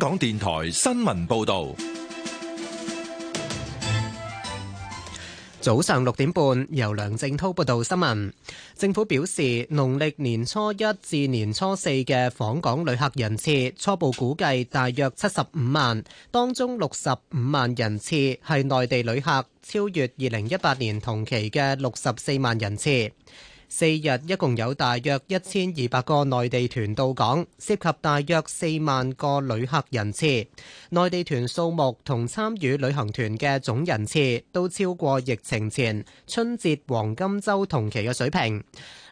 港電台新聞報道，早上六點半，由梁正濤報道新聞。政府表示，農曆年初一至年初四嘅訪港旅客人次初步估計大約七十五萬，當中六十五萬人次係內地旅客，超越二零一八年同期嘅六十四萬人次。四日一共有大約一千二百個內地團到港，涉及大約四萬個旅客人次。內地團數目同參與旅行團嘅總人次都超過疫情前春節黃金周同期嘅水平。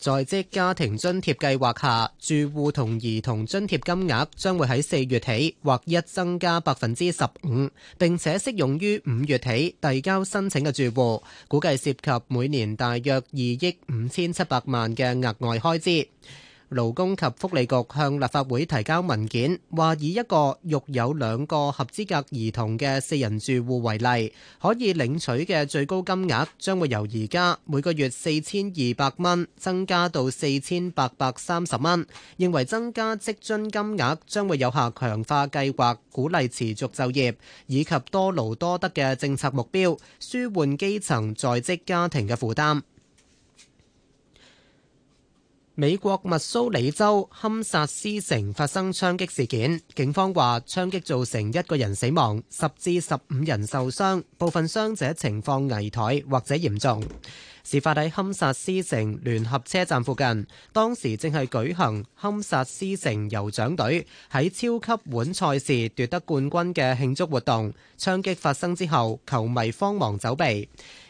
在職家庭津貼計劃下，住戶同兒童津貼金額將會喺四月起劃一增加百分之十五，並且適用於五月起遞交申請嘅住戶，估計涉及每年大約二億五千七百萬嘅額外開支。勞工及福利局向立法會提交文件，話以一個育有兩個合資格兒童嘅四人住戶為例，可以領取嘅最高金額將會由而家每個月四千二百蚊增加到四千八百三十蚊。認為增加職津金額將會有效強化計劃，鼓勵持續就業，以及多勞多得嘅政策目標，舒緩基層在職家庭嘅負擔。美國密蘇里州堪薩斯城發生槍擊事件，警方話槍擊造成一個人死亡，十至十五人受傷，部分傷者情況危殆或者嚴重。事發喺堪薩斯城聯合車站附近，當時正係舉行堪薩斯城酋長隊喺超級碗賽事奪得冠軍嘅慶祝活動。槍擊發生之後，球迷慌忙走避。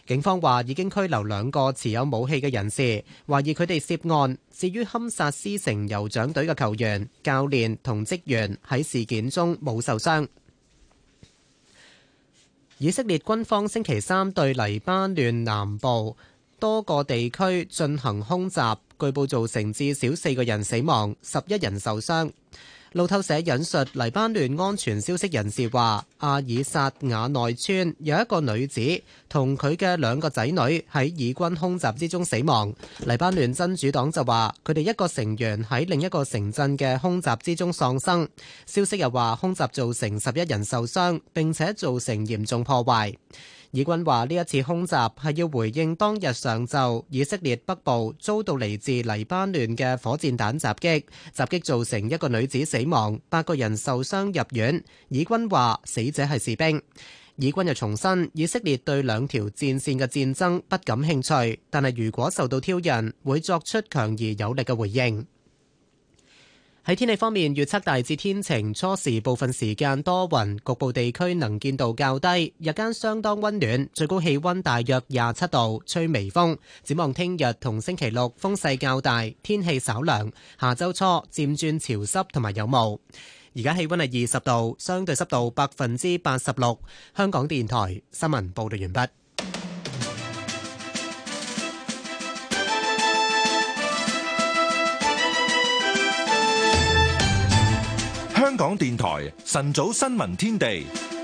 警方話已經拘留兩個持有武器嘅人士，懷疑佢哋涉案。至於堪薩斯城酋長隊嘅球員、教練同職員喺事件中冇受傷。以色列軍方星期三對黎巴嫩南部多個地區進行空襲，據報造成至少四個人死亡，十一人受傷。路透社引述黎巴嫩安全消息人士話，阿爾薩雅內村有一個女子同佢嘅兩個仔女喺以軍空襲之中死亡。黎巴嫩真主黨就話，佢哋一個成員喺另一個城鎮嘅空襲之中喪生。消息又話，空襲造成十一人受傷，並且造成嚴重破壞。以軍話呢一次空襲係要回應當日上晝以色列北部遭到嚟自黎巴嫩嘅火箭彈襲擊，襲擊造成一個女子死亡，八個人受傷入院。以軍話死者係士兵。以軍又重申，以色列對兩條戰線嘅戰爭不感興趣，但係如果受到挑釁，會作出強而有力嘅回應。喺天氣方面，預測大致天晴，初時部分時間多雲，局部地區能見度較低，日間相當溫暖，最高氣溫大約廿七度，吹微風。展望聽日同星期六風勢較大，天氣稍涼，下周初漸轉潮濕同埋有霧。而家氣溫係二十度，相對濕度百分之八十六。香港電台新聞報道完畢。香港電台晨早新聞天地。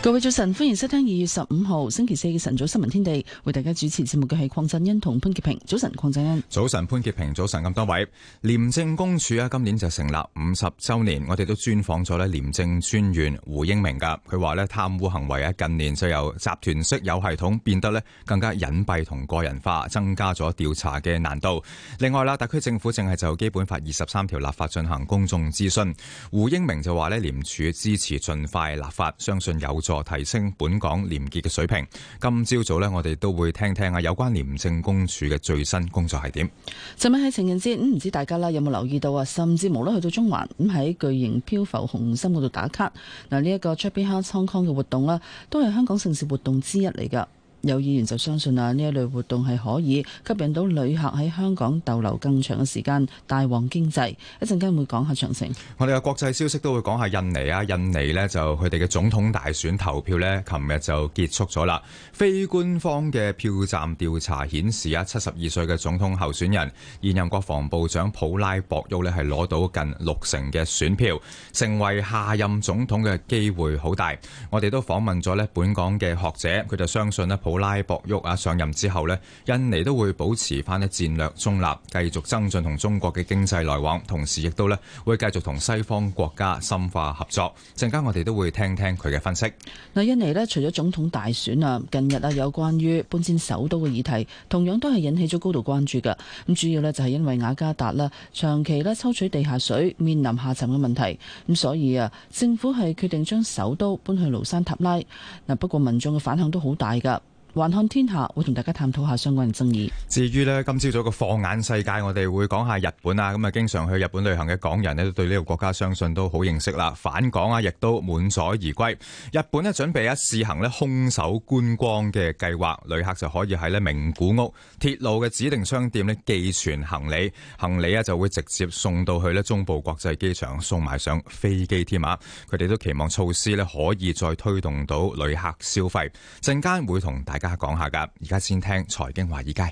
各位早晨，歡迎收聽二月十五號星期四嘅晨早新聞天地。為大家主持節目嘅係鄺振恩同潘潔平。早晨，鄺振恩。早晨，潘潔平。早晨，咁多位。廉政公署啊，今年就成立五十周年，我哋都專訪咗咧廉政專員胡英明噶。佢話咧，貪污行為啊，近年就由集團式有系統變得咧更加隱蔽同個人化，增加咗調查嘅難度。另外啦，特區政府正係就基本法二十三條立法進行公眾諮詢。胡英明就話咧，廉署支持盡快立法，相信有。助提升本港廉潔嘅水平。今朝早呢，我哋都會聽聽下有關廉政公署嘅最新工作係點。琴晚係情人節，唔知大家啦有冇留意到啊？甚至無啦去到中環咁喺巨型漂浮紅心嗰度打卡。嗱，呢一個 Chubby Hearts Hong Kong 嘅活動啦，都係香港盛事活動之一嚟㗎。有議員就相信啊，呢一類活動係可以吸引到旅客喺香港逗留更長嘅時間，帶旺經濟。一陣間會講下長城。我哋嘅國際消息都會講下印尼啊，印尼呢，就佢哋嘅總統大選投票呢，琴日就結束咗啦。非官方嘅票站調查顯示啊，七十二歲嘅總統候選人現任國防部長普拉博沃呢，係攞到近六成嘅選票，成為下任總統嘅機會好大。我哋都訪問咗呢本港嘅學者，佢就相信咧、啊。布拉博沃啊上任之後咧，印尼都會保持翻一戰略中立，繼續增進同中國嘅經濟來往，同時亦都咧會繼續同西方國家深化合作。陣間我哋都會聽聽佢嘅分析。嗱，印尼咧除咗總統大選啊，近日啊有關於搬遷首都嘅議題，同樣都係引起咗高度關注噶。咁主要咧就係因為雅加達咧長期咧抽取地下水，面臨下沉嘅問題，咁所以啊政府係決定將首都搬去盧山塔拉嗱。不過民眾嘅反響都好大噶。橫看天下會同大家探討下相關嘅爭議。至於咧，今朝早嘅放眼世界，我哋會講下日本啦。咁啊，經常去日本旅行嘅港人咧，對呢個國家相信都好認識啦。返港啊，亦都滿載而歸。日本咧準備啊試行咧空手觀光嘅計劃，旅客就可以喺咧名古屋鐵路嘅指定商店咧寄存行李，行李啊就會直接送到去咧中部國際機場，送埋上飛機添啊！佢哋都期望措施咧可以再推動到旅客消費。陣間會同大家大家講下噶，而家先聽財經華爾街。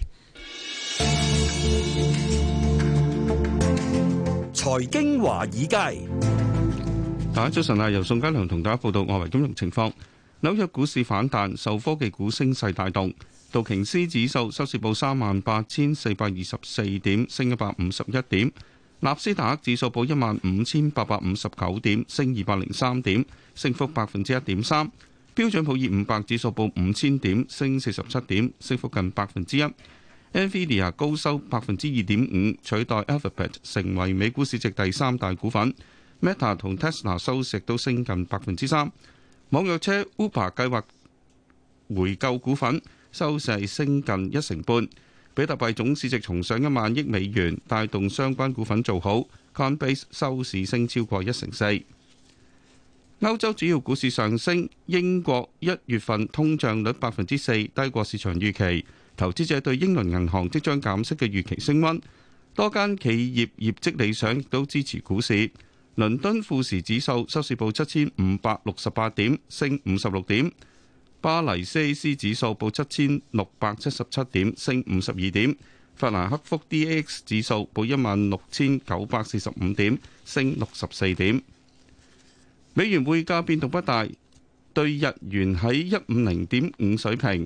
財經華爾街，大家早晨啊！由宋嘉良同大家報道外圍金融情況。紐約股市反彈，受科技股升勢帶動，道瓊斯指數收市報三萬八千四百二十四點，升一百五十一點；納斯達克指數報一萬五千八百五十九點，升二百零三點，升幅百分之一點三。標準普爾五百指數報五千點，升四十七點，升幅近百分之一。Nvidia 高收百分之二點五，取代 Alphabet 成為美股市值第三大股份。Meta 同 Tesla 收息都升近百分之三。網約車 Uber 計劃回購股份，收勢升近一成半。比特幣總市值重上一萬億美元，帶動相關股份做好。Coinbase 收市升超過一成四。歐洲主要股市上升，英國一月份通脹率百分之四，低過市場預期。投資者對英倫銀行即將減息嘅預期升温，多間企業業績理想亦都支持股市。倫敦富時指數收市報七千五百六十八點，升五十六點；巴黎 CAC 指數報七千六百七十七點，升五十二點；法蘭克福 DAX 指數報一萬六千九百四十五點，升六十四點。美元匯價變動不大，對日元喺一五零點五水平。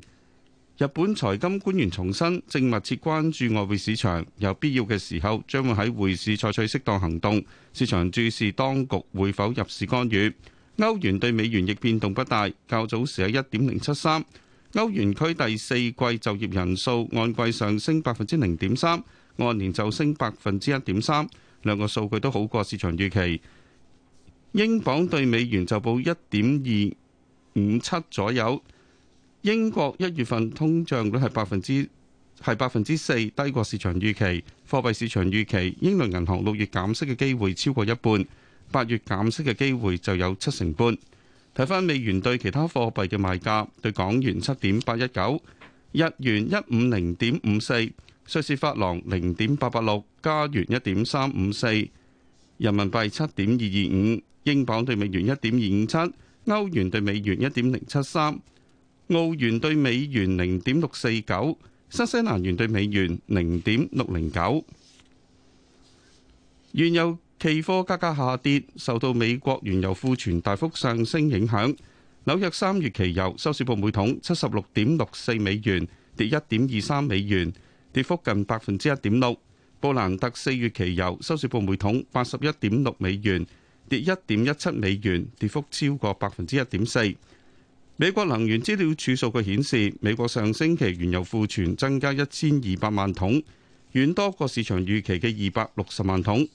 日本財金官員重申，正密切關注外匯市場，有必要嘅時候將會喺匯市採取適當行動。市場注視當局會否入市干預。歐元對美元亦變動不大，較早時喺一點零七三。歐元區第四季就業人數按季上升百分之零點三，按年就升百分之一點三，兩個數據都好過市場預期。英鎊對美元就報一點二五七左右。英國一月份通脹率係百分之係百分之四，低過市場預期。貨幣市場預期英倫銀行六月減息嘅機會超過一半，八月減息嘅機會就有七成半。睇翻美元對其他貨幣嘅賣價，對港元七點八一九，日元一五零點五四，瑞士法郎零點八八六，加元一點三五四，人民幣七點二二五。英鎊兌美元一點二五七，歐元兌美元一點零七三，澳元兌美元零點六四九，新西蘭元兌美元零點六零九。原油期貨價格下跌，受到美國原油庫存大幅上升影響。紐約三月期油收市報每桶七十六點六四美元，跌一點二三美元，跌幅近百分之一點六。布蘭特四月期油收市報每桶八十一點六美元。1> 跌一點一七美元，跌幅超過百分之一點四。美國能源資料處數據顯示，美國上星期原油庫存增加一千二百萬桶，遠多過市場預期嘅二百六十萬桶。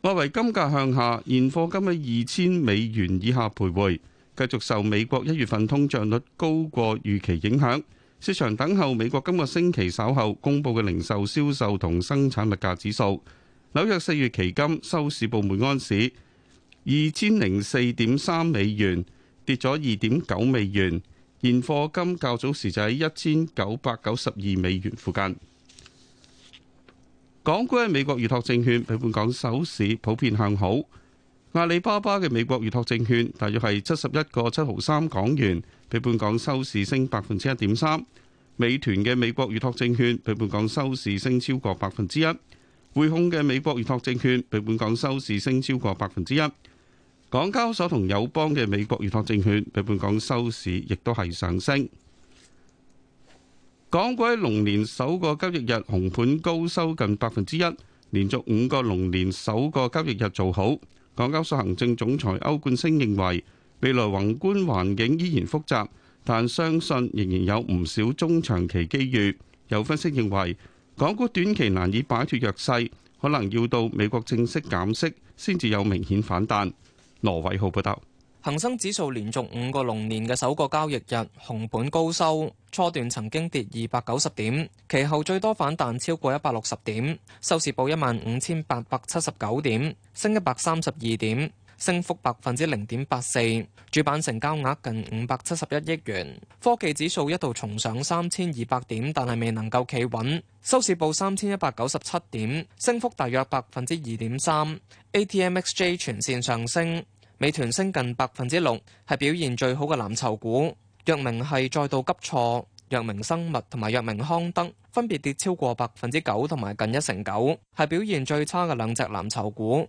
外圍金價向下，現貨金喺二千美元以下徘徊，繼續受美國一月份通脹率高過預期影響。市場等候美國今個星期稍後公佈嘅零售銷售同生產物價指數。紐約四月期金收市報每安市二千零四點三美元，跌咗二點九美元。現貨金較早時就喺一千九百九十二美元附近。港股嘅美國預託證券，比本港首市普遍向好。阿里巴巴嘅美國預託證券大約係七十一個七毫三港元，比本港收市升百分之一點三。美團嘅美國預託證券比本港收市升超過百分之一。匯控嘅美國預託證券比本港收市升超過百分之一，港交所同友邦嘅美國預託證券比本港收市亦都係上升。港股喺龍年首個交易日紅盤高收近百分之一，連續五個龍年首個交易日做好。港交所行政總裁歐冠昇認為，未來宏觀環境依然複雜，但相信仍然有唔少中長期機遇。有分析認為，港股短期難以擺脱弱勢，可能要到美國正式減息先至有明顯反彈。羅偉浩報道，恒生指數連續五個龍年嘅首個交易日紅盤高收，初段曾經跌二百九十點，其後最多反彈超過一百六十點，收市報一萬五千八百七十九點，升一百三十二點。升幅百分之零點八四，主板成交額近五百七十一億元。科技指數一度重上三千二百點，但係未能夠企穩，收市報三千一百九十七點，升幅大約百分之二點三。ATMXJ 全線上升，美團升近百分之六，係表現最好嘅藍籌股。藥明系再度急挫，藥明生物同埋藥明康德分別跌超過百分之九同埋近一成九，係表現最差嘅兩隻藍籌股。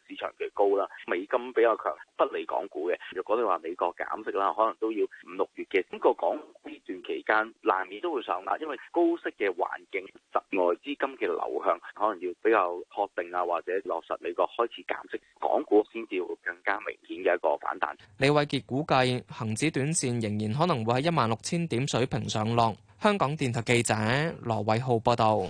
市場嘅高啦，美金比較強不利港股嘅。如果你話美國減息啦，可能都要五六月嘅。不過港股呢段期間難免都會上落，因為高息嘅環境，室外資金嘅流向可能要比較確定啊，或者落實美國開始減息，港股先至會更加明顯嘅一個反彈。李偉傑估計，恒指短線仍然可能會喺一萬六千點水平上落。香港電台記者羅偉浩報道。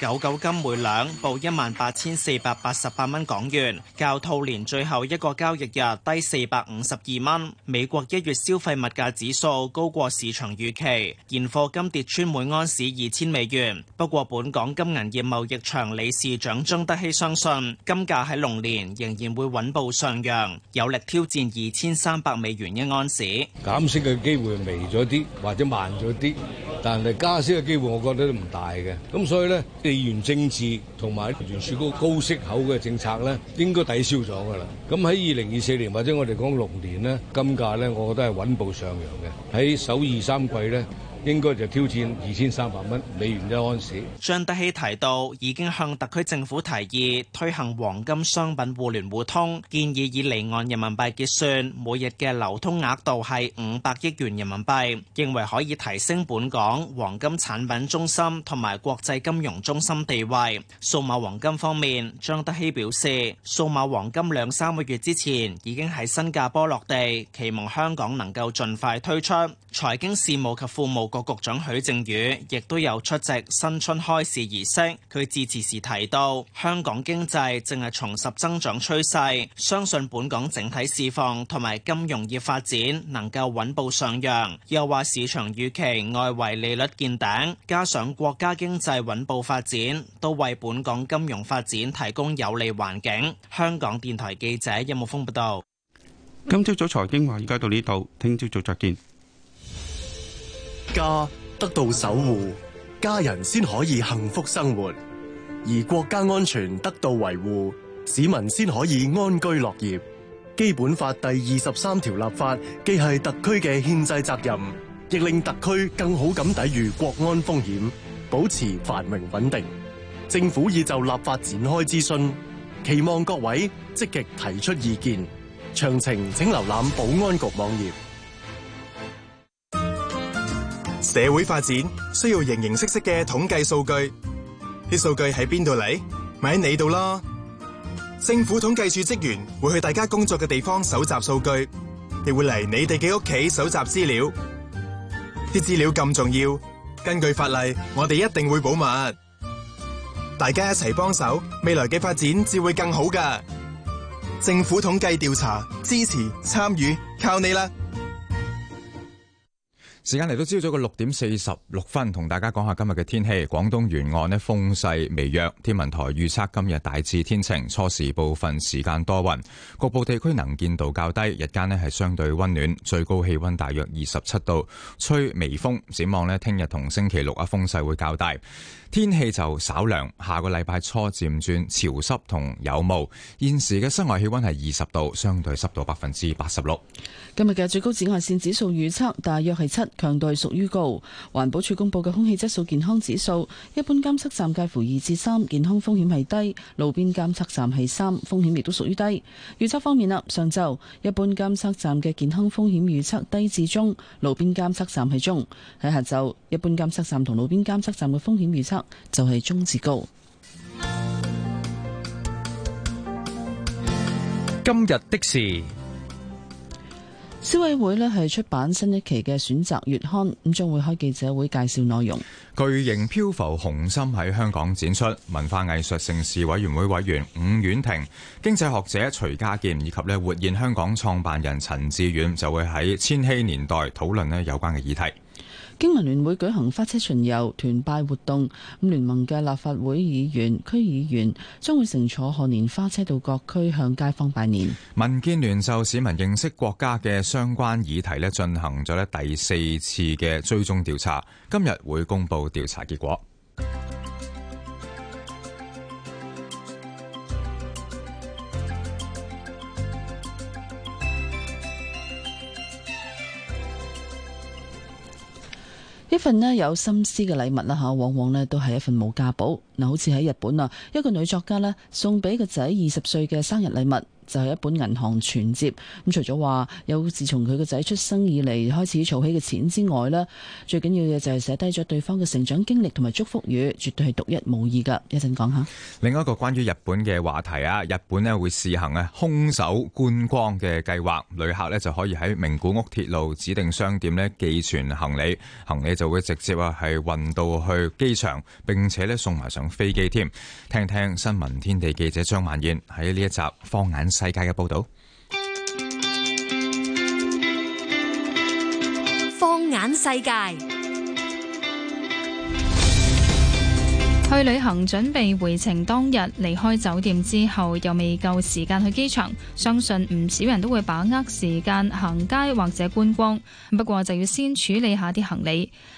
九九金每兩報一萬八千四百八十八蚊港元，較兔年最後一個交易日低四百五十二蚊。美國一月消費物價指數高過市場預期，現貨金跌穿每安士二千美元。不過，本港金銀業貿易場理事長張德熙相信，金價喺龍年仍然會穩步上揚，有力挑戰二千三百美元一安士。減息嘅機會微咗啲，或者慢咗啲，但係加息嘅機會我覺得都唔大嘅，咁所以呢。地緣政治同埋地源雪糕高息口嘅政策咧，應該抵消咗噶啦。咁喺二零二四年或者我哋講六年咧，金價咧，我覺得係穩步上揚嘅。喺首二三季咧，應該就挑戰二千三百蚊美元一盎司。張德熙提到，已經向特區政府提議推行黃金商品互聯互通，建議以離岸人民幣結算，每日嘅流通額度係五百億元人民幣，認為可以提升本港黃金產品中心同埋國際金融中心地位。數碼黃金方面，張德熙表示，數碼黃金兩三個月之前已經喺新加坡落地，期望香港能夠盡快推出。財經事務及服務局長許正宇亦都有出席新春開市儀式，佢致辭時提到，香港經濟正係重拾增長趨勢，相信本港整體市況同埋金融業發展能夠穩步上揚。又話市場預期外圍利率見頂，加上國家經濟穩步發展，都為本港金融發展提供有利環境。香港電台記者任木峰報道。今朝早財經話，而家到呢度，聽朝早再見。家得到守護，家人先可以幸福生活；而國家安全得到維護，市民先可以安居樂業。基本法第二十三條立法既係特區嘅憲制責任，亦令特區更好咁抵御國安風險，保持繁榮穩定。政府已就立法展開諮詢，期望各位積極提出意見。詳情請瀏覽保安局網頁。社會發展需要形形色色嘅統計數據，啲數據喺邊度嚟？咪喺你度咯。政府統計處職員會去大家工作嘅地方搜集數據，亦會嚟你哋嘅屋企搜集資料。啲資料咁重要，根據法例，我哋一定會保密。大家一齊幫手，未來嘅發展至會更好噶。政府統計調查，支持參與，靠你啦！時間嚟到朝早嘅六點四十六分，同大家講下今日嘅天氣。廣東沿岸呢，風勢微弱，天文台預測今日大致天晴，初時部分時間多雲，局部地區能見度較低。日間呢係相對溫暖，最高氣溫大約二十七度，吹微風。展望呢，聽日同星期六啊，風勢會較大。天氣就稍涼，下個禮拜初漸轉潮濕同有霧。現時嘅室外氣溫係二十度，相對濕度百分之八十六。今日嘅最高紫外線指數預測大約係七，強度係屬於高。環保署公佈嘅空氣質素健康指數，一般監測站介乎二至三，健康風險係低；路邊監測站係三，風險亦都屬於低。預測方面啦，上晝一般監測站嘅健康風險預測低至中，路邊監測站係中。喺下晝，一般監測站同路邊監測站嘅風險預測。就係鍾志高。今日的事，消委會咧係出版新一期嘅選擇月刊，咁將會開記者會介紹內容。巨型漂浮紅心喺香港展出，文化藝術城市委員會委員伍婉婷、經濟學者徐家健以及咧活現香港創辦人陳志遠就會喺千禧年代討論咧有關嘅議題。經民聯會舉行花車巡遊、團拜活動，聯盟嘅立法會議員、區議員將會乘坐賀年花車到各區向街坊拜年。民建聯就市民認識國家嘅相關議題咧，進行咗咧第四次嘅追蹤調查，今日會公布調查結果。呢份呢有心思嘅禮物啦吓，往往呢都係一份無價寶。嗱，好似喺日本啊，一個女作家呢送俾個仔二十歲嘅生日禮物。就係一本銀行存摺咁，除咗話有，又自從佢個仔出生以嚟開始儲起嘅錢之外呢，最緊要嘅就係寫低咗對方嘅成長經歷同埋祝福語，絕對係獨一無二噶。一陣講下。另一個關於日本嘅話題啊，日本呢會試行啊空手觀光嘅計劃，旅客呢就可以喺名古屋鐵路指定商店呢寄存行李，行李就會直接啊係運到去機場，並且呢送埋上飛機添。聽聽新聞天地記者張萬燕喺呢一集放眼世界嘅報道，放眼世界，去旅行準備回程當日離開酒店之後，又未夠時間去機場，相信唔少人都會把握時間行街或者觀光。不過就要先處理下啲行李。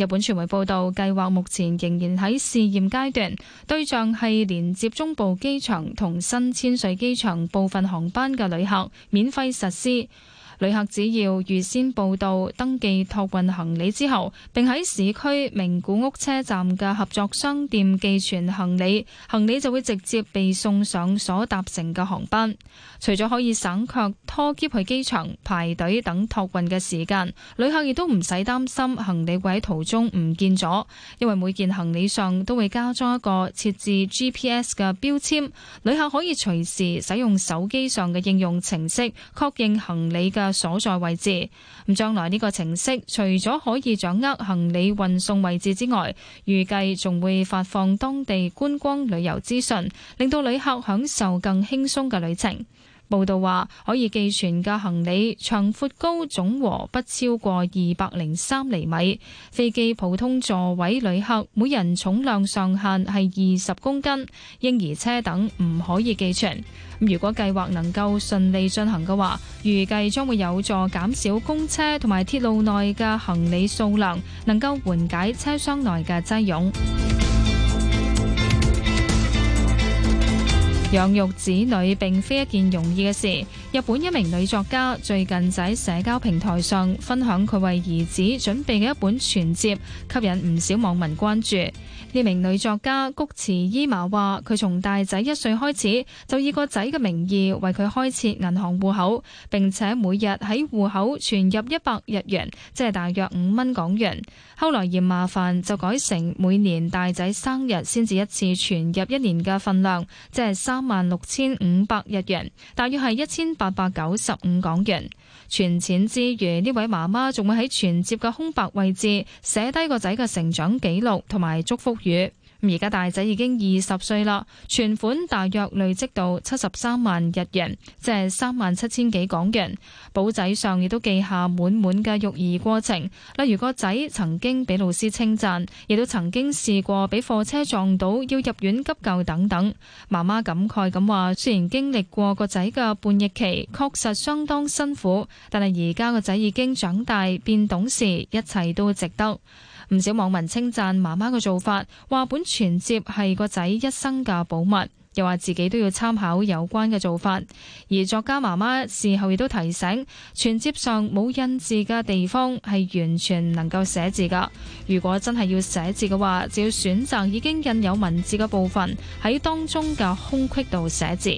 日本傳媒報道，計劃目前仍然喺試驗階段，對象係連接中部機場同新千歲機場部分航班嘅旅客，免費實施。旅客只要預先報到、登記托運行李之後，並喺市區名古屋車站嘅合作商店寄存行李，行李就會直接被送上所搭乘嘅航班。除咗可以省卻拖喼去機場、排隊等托運嘅時間，旅客亦都唔使擔心行李會喺途中唔見咗，因為每件行李上都會加裝一個設置 GPS 嘅標籤，旅客可以隨時使用手機上嘅應用程式確認行李嘅所在位置，咁將來呢個程式除咗可以掌握行李運送位置之外，預計仲會發放當地觀光旅遊資訊，令到旅客享受更輕鬆嘅旅程。報道話，可以寄存嘅行李長闊高總和不超過二百零三厘米。飛機普通座位旅客每人重量上限係二十公斤，嬰兒車等唔可以寄存。咁如果計劃能夠順利進行嘅話，預計將會有助減少公車同埋鐵路內嘅行李數量，能夠緩解車廂內嘅擠擁。養育子女並非一件容易嘅事。日本一名女作家最近喺社交平台上分享佢為兒子準備嘅一本傳接，吸引唔少網民關注。呢名女作家菊池伊麻話：佢從大仔一歲開始就以個仔嘅名義為佢開設銀行戶口，並且每日喺戶口存入一百日元，即係大約五蚊港元。後來嫌麻煩，就改成每年大仔生日先至一次存入一年嘅份量，即係三萬六千五百日元，大約係一千八百九十五港元。存錢之餘，呢位媽媽仲會喺存摺嘅空白位置寫低個仔嘅成長記錄同埋祝福語。而家大仔已經二十歲啦，存款大約累積到七十三萬日元，即係三萬七千幾港元。簿仔上亦都記下滿滿嘅育兒過程，例如個仔曾經俾老師稱讚，亦都曾經試過俾貨車撞到要入院急救等等。媽媽感慨咁話：雖然經歷過個仔嘅叛逆期確實相當辛苦，但係而家個仔已經長大變懂事，一切都值得。唔少網民稱讚媽媽嘅做法，話本存摺係個仔一生嘅寶物，又話自己都要參考有關嘅做法。而作家媽媽事後亦都提醒，存摺上冇印字嘅地方係完全能夠寫字噶。如果真係要寫字嘅話，就要選擇已經印有文字嘅部分，喺當中嘅空隙度寫字。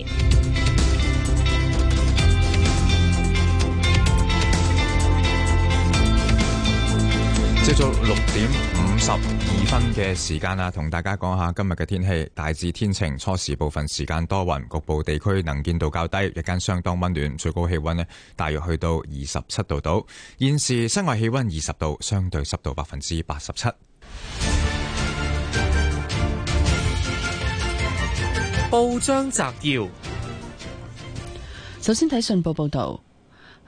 朝早六點五十二分嘅時間啦，同大家講下今日嘅天氣，大致天晴，初時部分時間多雲，局部地區能見度較低，日間相當溫暖，最高氣溫呢大約去到二十七度度。現時室外氣溫二十度，相對濕度百分之八十七。報章摘要：首先睇信報報道。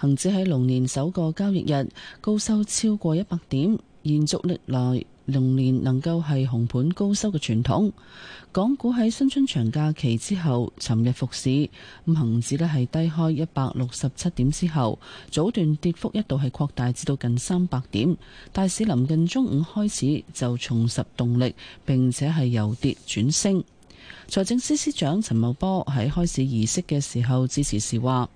恒指喺龍年首個交易日高收超過一百點，延續歷來龍年能夠係紅盤高收嘅傳統。港股喺新春長假期之後尋日復市，咁恒指呢係低開一百六十七點之後，早段跌幅一度係擴大至到近三百點，大市臨近中午開始就重拾動力，並且係由跌轉升。財政司司長陳茂波喺開始儀式嘅時候致辭時話，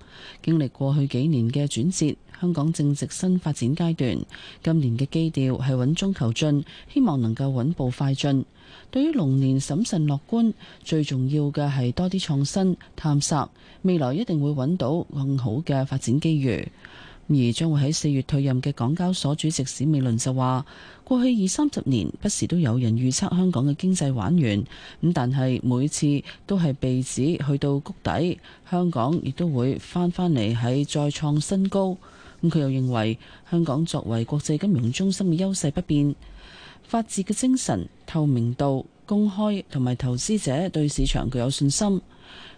經歷過去幾年嘅轉折，香港正值新發展階段，今年嘅基調係穩中求進，希望能夠穩步快進。對於龍年審慎樂觀，最重要嘅係多啲創新探索，未來一定會揾到更好嘅發展機遇。而將會喺四月退任嘅港交所主席史美倫就話：過去二三十年不時都有人預測香港嘅經濟玩完，咁但係每次都係被指去到谷底，香港亦都會翻返嚟喺再創新高。咁佢又認為香港作為國際金融中心嘅優勢不變，法治嘅精神、透明度、公開同埋投資者對市場具有信心，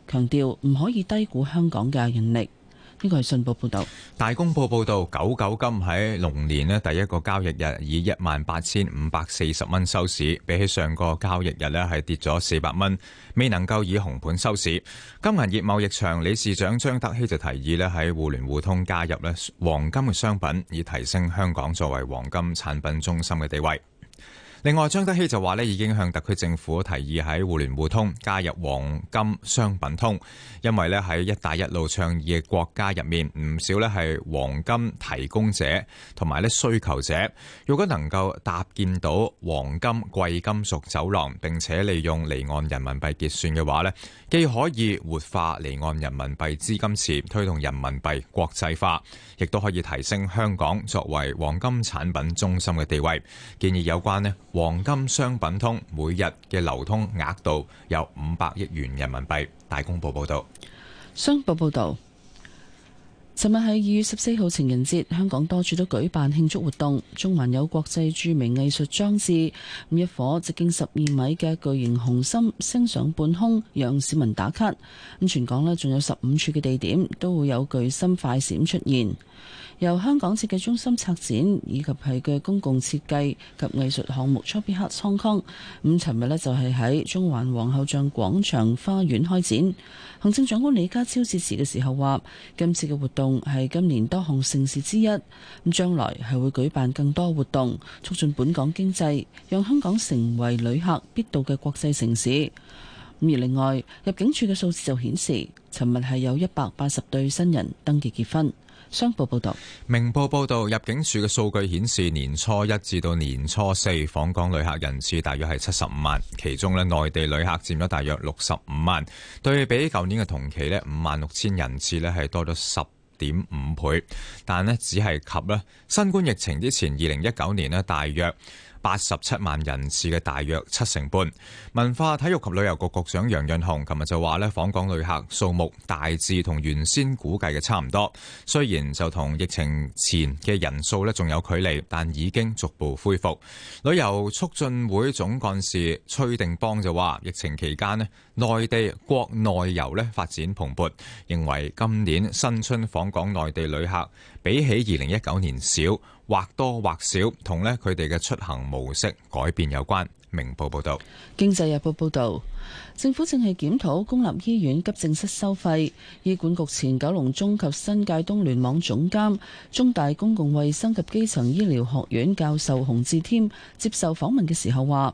強調唔可以低估香港嘅韌力。呢個係信報報道，大公報報道，九九金喺龍年呢第一個交易日以一萬八千五百四十蚊收市，比起上個交易日呢係跌咗四百蚊，未能夠以紅盤收市。金銀業貿易場理事長張德熙就提議呢喺互聯互通加入呢黃金嘅商品，以提升香港作為黃金產品中心嘅地位。另外，張德熙就話咧，已經向特區政府提議喺互聯互通加入黃金商品通，因為咧喺一帶一路倡議嘅國家入面，唔少咧係黃金提供者同埋咧需求者。如果能夠搭建到黃金貴金屬走廊，並且利用離岸人民幣結算嘅話咧，既可以活化離岸人民幣資金池，推動人民幣國際化，亦都可以提升香港作為黃金產品中心嘅地位。建議有關咧。黃金商品通每日嘅流通額度有五百億元人民幣。大公報報道，商報報道。尋日喺二月十四號，情人節，香港多處都舉辦慶祝活動，中環有國際著名藝術裝置，咁一顆直徑十二米嘅巨型紅心升上半空，讓市民打卡。咁全港呢，仲有十五處嘅地點都會有巨心快閃出現，由香港設計中心策展，以及係嘅公共設計及藝術項目 Chubby Hearts 咁尋日呢，就係喺中環皇后像廣場花園開展。行政長官李家超致辭嘅時候話：今次嘅活動，係今年多項盛事之一，咁將來係會舉辦更多活動，促進本港經濟，讓香港成為旅客必到嘅國際城市。咁而另外，入境處嘅數字就顯示，尋日係有一百八十對新人登記結婚。商報報道，明報報道，入境處嘅數據顯示，年初一至到年初四，訪港旅客人次大約係七十五萬，其中呢內地旅客佔咗大約六十五萬，對比舊年嘅同期呢五萬六千人次呢係多咗十。點五倍，但呢只係及呢新冠疫情之前二零一九年呢大約八十七萬人次嘅大約七成半。文化體育及旅遊局局局長楊潤雄琴日就話呢，訪港旅客數目大致同原先估計嘅差唔多，雖然就同疫情前嘅人數呢仲有距離，但已經逐步恢復。旅遊促進會總幹事崔定邦就話，疫情期間呢內地國內遊咧發展蓬勃，認為今年新春訪港內地旅客比起二零一九年少，或多或少同咧佢哋嘅出行模式改變有關。明報報導，《經濟日報》報導，政府正係檢討公立醫院急症室收費。醫管局前九龍中及新界東聯網總監、中大公共衛生及基層醫療學院教授洪志添接受訪問嘅時候話，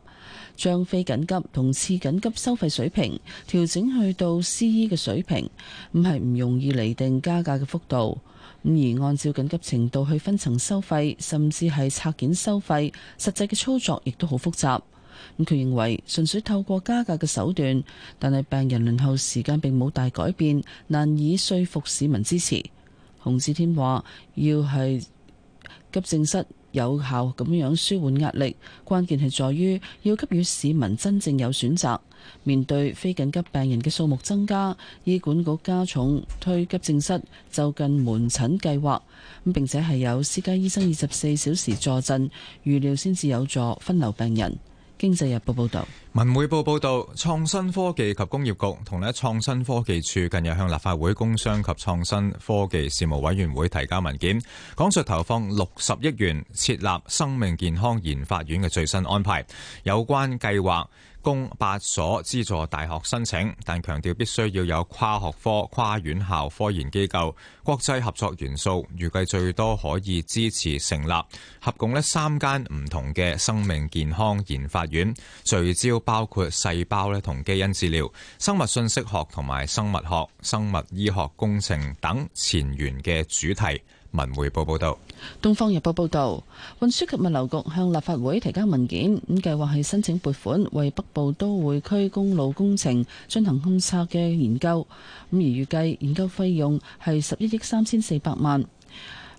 將非緊急同次緊急收費水平調整去到私醫嘅水平，唔係唔容易釐定加價嘅幅度。咁而按照緊急程度去分層收費，甚至係拆件收費，實際嘅操作亦都好複雜。咁佢認為純粹透過加價嘅手段，但係病人輪候時間並冇大改變，難以說服市民支持。洪志天話：要係急症室。有效咁樣舒緩壓力，關鍵係在於要給予市民真正有選擇。面對非緊急病人嘅數目增加，醫管局加重推急症室就近門診計劃，並且係有私家醫生二十四小時坐鎮，預料先至有助分流病人。經濟日報報道，文匯報報道，創新科技及工業局同埋創新科技處近日向立法會工商及創新科技事務委員會提交文件，講述投放六十億元設立生命健康研發院嘅最新安排，有關計劃供八所資助大學申請，但強調必須要有跨學科、跨院校、科研機構、國際合作元素。預計最多可以支持成立合共呢三間唔同嘅生命健康研發院，聚焦包括細胞咧同基因治療、生物信息學同埋生物學、生物醫學工程等前沿嘅主題。文匯報報道，東方日報報道，運輸及物流局向立法會提交文件，咁計劃係申請撥款為北部都會區公路工程進行勘察嘅研究，咁而預計研究費用係十一億三千四百萬。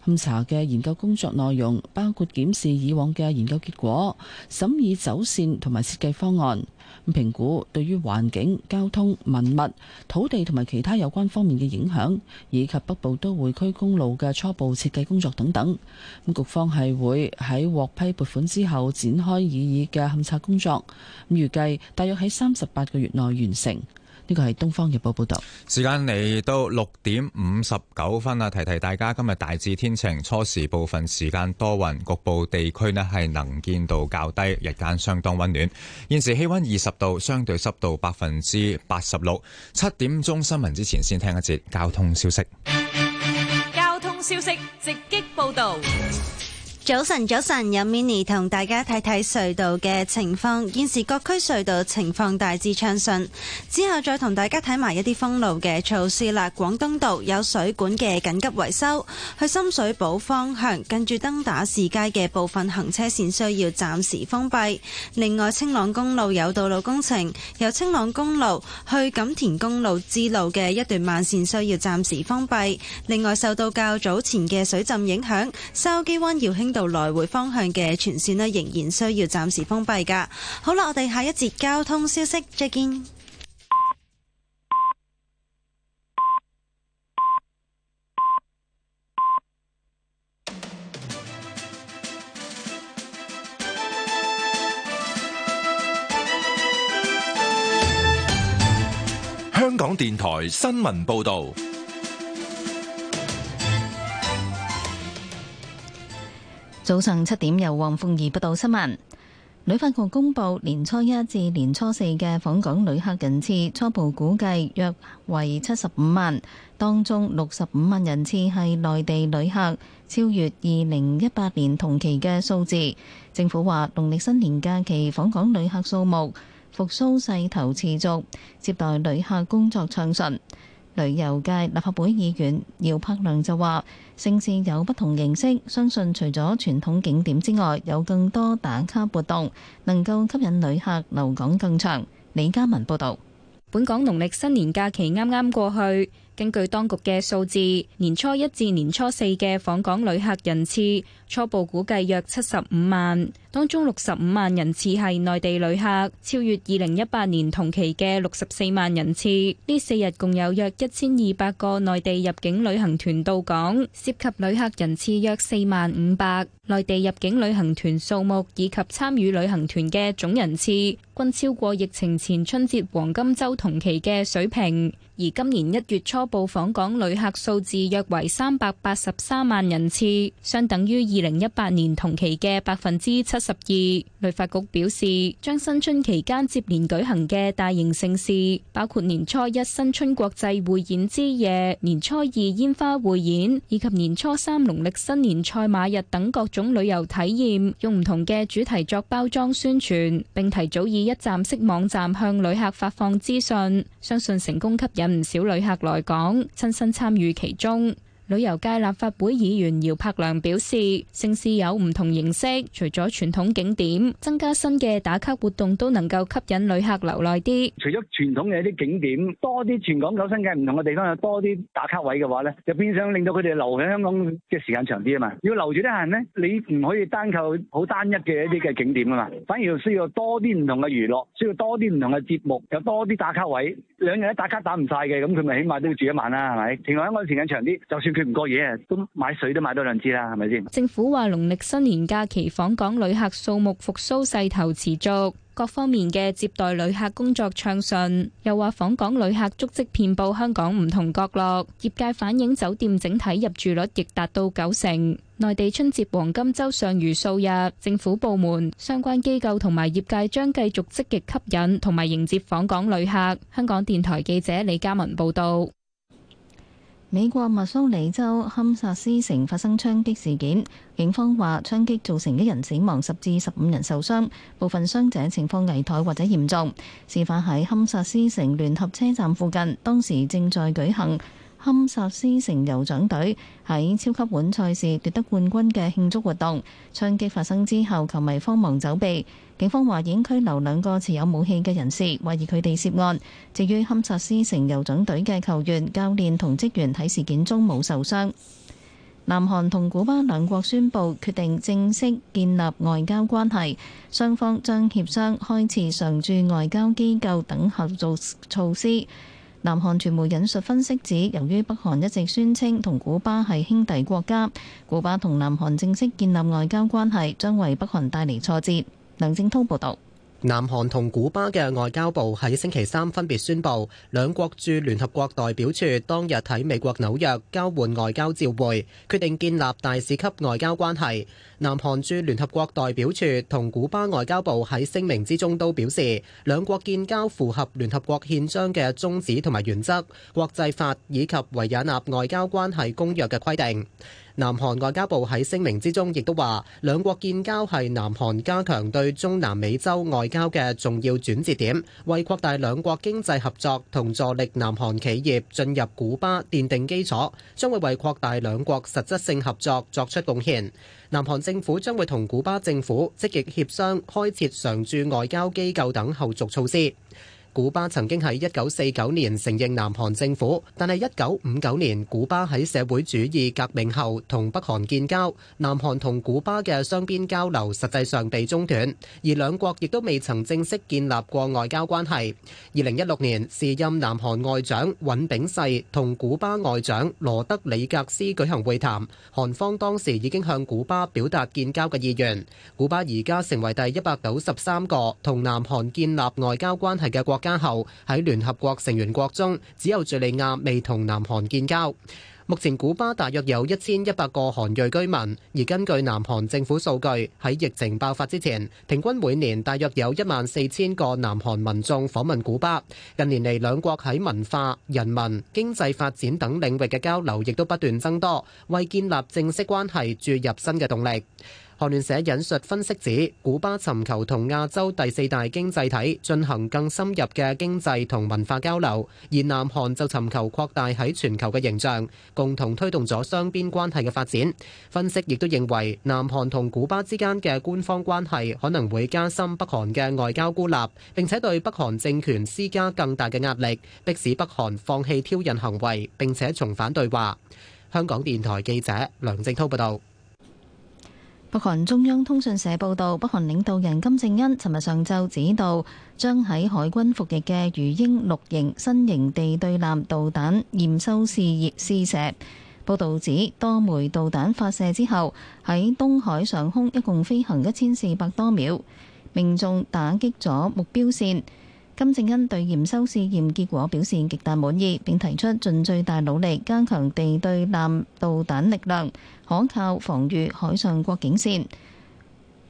勘察嘅研究工作內容包括檢視以往嘅研究結果，審議走綫同埋設計方案。評估對於環境、交通、文物、土地同埋其他有關方面嘅影響，以及北部都會區公路嘅初步設計工作等等。咁局方係會喺獲批撥款之後展開擬議嘅勘測工作，預計大約喺三十八個月內完成。呢個係東方日報報道。時間嚟到六點五十九分啦，提提大家今日大致天晴，初時部分時間多雲，局部地區呢係能見度較低，日間相當溫暖。現時氣溫二十度，相對濕度百分之八十六。七點鐘新聞之前先聽一節交通消息。交通消息直擊報道。早晨，早晨，有 mini 同大家睇睇隧道嘅情況。現時各區隧道情況大致暢順，之後再同大家睇埋一啲封路嘅措施啦。廣東道有水管嘅緊急維修，去深水埗方向，跟住登打士街嘅部分行車線需要暫時封閉。另外，青朗公路有道路工程，由青朗公路去錦田公路支路嘅一段慢線需要暫時封閉。另外，受到較早前嘅水浸影響，筲箕灣搖興。就來回方向嘅全線咧，仍然需要暫時封閉㗎。好啦，我哋下一節交通消息，再見。香港電台新聞報道。早上七點由黃鳳儀報到新聞，旅發局公布年初一至年初四嘅訪港旅客人次初步估計約為七十五萬，當中六十五萬人次係內地旅客，超越二零一八年同期嘅數字。政府話，農曆新年假期訪港旅客數目復甦勢頭持續，接待旅客工作暢順。旅遊界立法會議員姚柏良就話，盛事有不同形式，相信除咗傳統景點之外，有更多打卡活動，能夠吸引旅客留港更長。李嘉文報道，本港農曆新年假期啱啱過去，根據當局嘅數字，年初一至年初四嘅訪港旅客人次。初步估計約七十五萬，當中六十五萬人次係內地旅客，超越二零一八年同期嘅六十四萬人次。呢四日共有約一千二百個內地入境旅行團到港，涉及旅客人次約四萬五百。內地入境旅行團數目以及參與旅行團嘅總人次均超過疫情前春節黃金週同期嘅水平，而今年一月初步訪港旅客數字約為三百八十三萬人次，相等於二二零一八年同期嘅百分之七十二，旅發局表示，將新春期間接連舉行嘅大型盛事，包括年初一新春國際匯演之夜、年初二煙花匯演以及年初三農曆新年賽馬日等各種旅遊體驗，用唔同嘅主題作包裝宣傳，並提早以一站式網站向旅客發放資訊，相信成功吸引唔少旅客來港親身參與其中。旅遊界立法會議員姚柏良表示，盛事有唔同形式，除咗傳統景點，增加新嘅打卡活動都能夠吸引旅客留耐啲。除咗傳統嘅一啲景點，多啲全港九新界唔同嘅地方，有多啲打卡位嘅話咧，就變相令到佢哋留喺香港嘅時間長啲啊嘛。要留住啲客人呢，你唔可以單靠好單一嘅一啲嘅景點噶嘛，反而需要多啲唔同嘅娛樂，需要多啲唔同嘅節目，有多啲打卡位。兩日一打卡打唔晒嘅，咁佢咪起碼都要住一晚啦，係咪？停留香港度時間長啲，就算。食唔過嘢，都買水都買多兩支啦，係咪先？政府話農曆新年假期訪港旅客數目復甦勢頭持續，各方面嘅接待旅客工作暢順。又話訪港旅客足跡遍佈香港唔同角落，業界反映酒店整體入住率亦達到九成。內地春節黃金週尚餘數日，政府部門、相關機構同埋業界將繼續積極吸引同埋迎接訪港旅客。香港電台記者李嘉文報道。美國密蘇里州堪薩斯城發生槍擊事件，警方話槍擊造成一人死亡，十至十五人受傷，部分傷者情況危殆或者嚴重。事發喺堪薩斯城聯合車站附近，當時正在舉行堪薩斯城酋長隊喺超級碗賽事奪得冠軍嘅慶祝活動。槍擊發生之後，球迷慌忙走避。警方話已經拘留兩個持有武器嘅人士，懷疑佢哋涉案。至於堪察斯城酋長隊嘅球員、教練同職員，喺事件中冇受傷。南韓同古巴兩國宣布決定正式建立外交關係，雙方將協商開設常駐外交機構等合作措施。南韓傳媒引述分析指，由於北韓一直宣稱同古巴係兄弟國家，古巴同南韓正式建立外交關係，將為北韓帶嚟挫折。梁正通報道，南韓同古巴嘅外交部喺星期三分別宣布，兩國駐聯合國代表處當日喺美國紐約交換外交照會，決定建立大使級外交關係。南韓駐聯合國代表處同古巴外交部喺聲明之中都表示，兩國建交符合聯合國憲章嘅宗旨同埋原則、國際法以及維也納外交關係公約嘅規定。南韓外交部喺聲明之中亦都話，兩國建交係南韓加強對中南美洲外交嘅重要轉折點，為擴大兩國經濟合作同助力南韓企業進入古巴奠定基礎，將會為擴大兩國實質性合作作出貢獻。南韓政府將會同古巴政府積極協商，開設常駐外交機構等後續措施。古巴曾經喺一九四九年承認南韓政府，但係一九五九年古巴喺社會主義革命後同北韓建交，南韓同古巴嘅雙邊交流實際上被中斷，而兩國亦都未曾正式建立過外交關係。二零一六年，時任南韓外長尹炳世同古巴外長羅德里格斯舉行會談，韓方當時已經向古巴表達建交嘅意願，古巴而家成為第一百九十三個同南韓建立外交關係嘅國家。後喺聯合國成員國中，只有敍利亞未同南韓建交。目前古巴大約有一千一百個韓裔居民，而根據南韓政府數據，喺疫情爆發之前，平均每年大約有一萬四千個南韓民眾訪問古巴。近年嚟，兩國喺文化、人民、經濟發展等領域嘅交流亦都不斷增多，為建立正式關係注入新嘅動力。韓聯社引述分析指，古巴尋求同亞洲第四大經濟體進行更深入嘅經濟同文化交流，而南韓就尋求擴大喺全球嘅形象，共同推動咗雙邊關係嘅發展。分析亦都認為，南韓同古巴之間嘅官方關係可能會加深北韓嘅外交孤立，並且對北韓政權施加更大嘅壓力，迫使北韓放棄挑釁行為，並且重返對話。香港電台記者梁正滔報道。北韓中央通信社報道，北韓領導人金正恩尋日上晝指導，將喺海軍服役嘅魚鷹六型新型地對艦導彈驗收試驗試射。報道指，多枚導彈發射之後，喺東海上空一共飛行一千四百多秒，命中打擊咗目標線。金正恩對驗收試驗結果表示極大滿意，並提出盡最大努力加強地對艦導彈力量，可靠防禦海上國境線。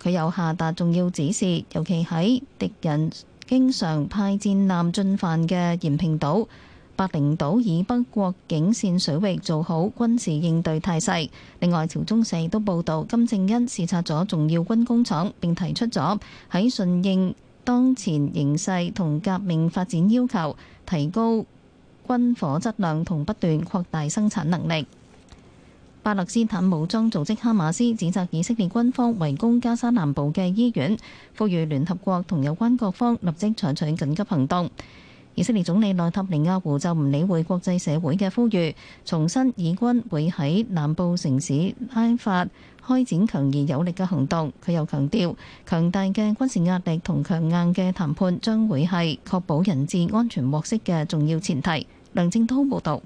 佢又下達重要指示，尤其喺敵人經常派戰艦進犯嘅延坪島、白翎島以北國境線水域做好軍事應對態勢。另外，《朝中社》都報道金正恩視察咗重要軍工廠，並提出咗喺順應。當前形勢同革命發展要求，提高軍火質量同不斷擴大生產能力。巴勒斯坦武裝組織哈馬斯指責以色列軍方圍攻加沙南部嘅醫院，呼籲聯合國同有關各方立即採取緊急行動。以色列總理內塔尼亞胡就唔理會國際社會嘅呼籲，重申以軍會喺南部城市拉法。開展強而有力嘅行動。佢又強調，強大嘅軍事壓力同強硬嘅談判將會係確保人質安全獲釋嘅重要前提。梁正濤報導。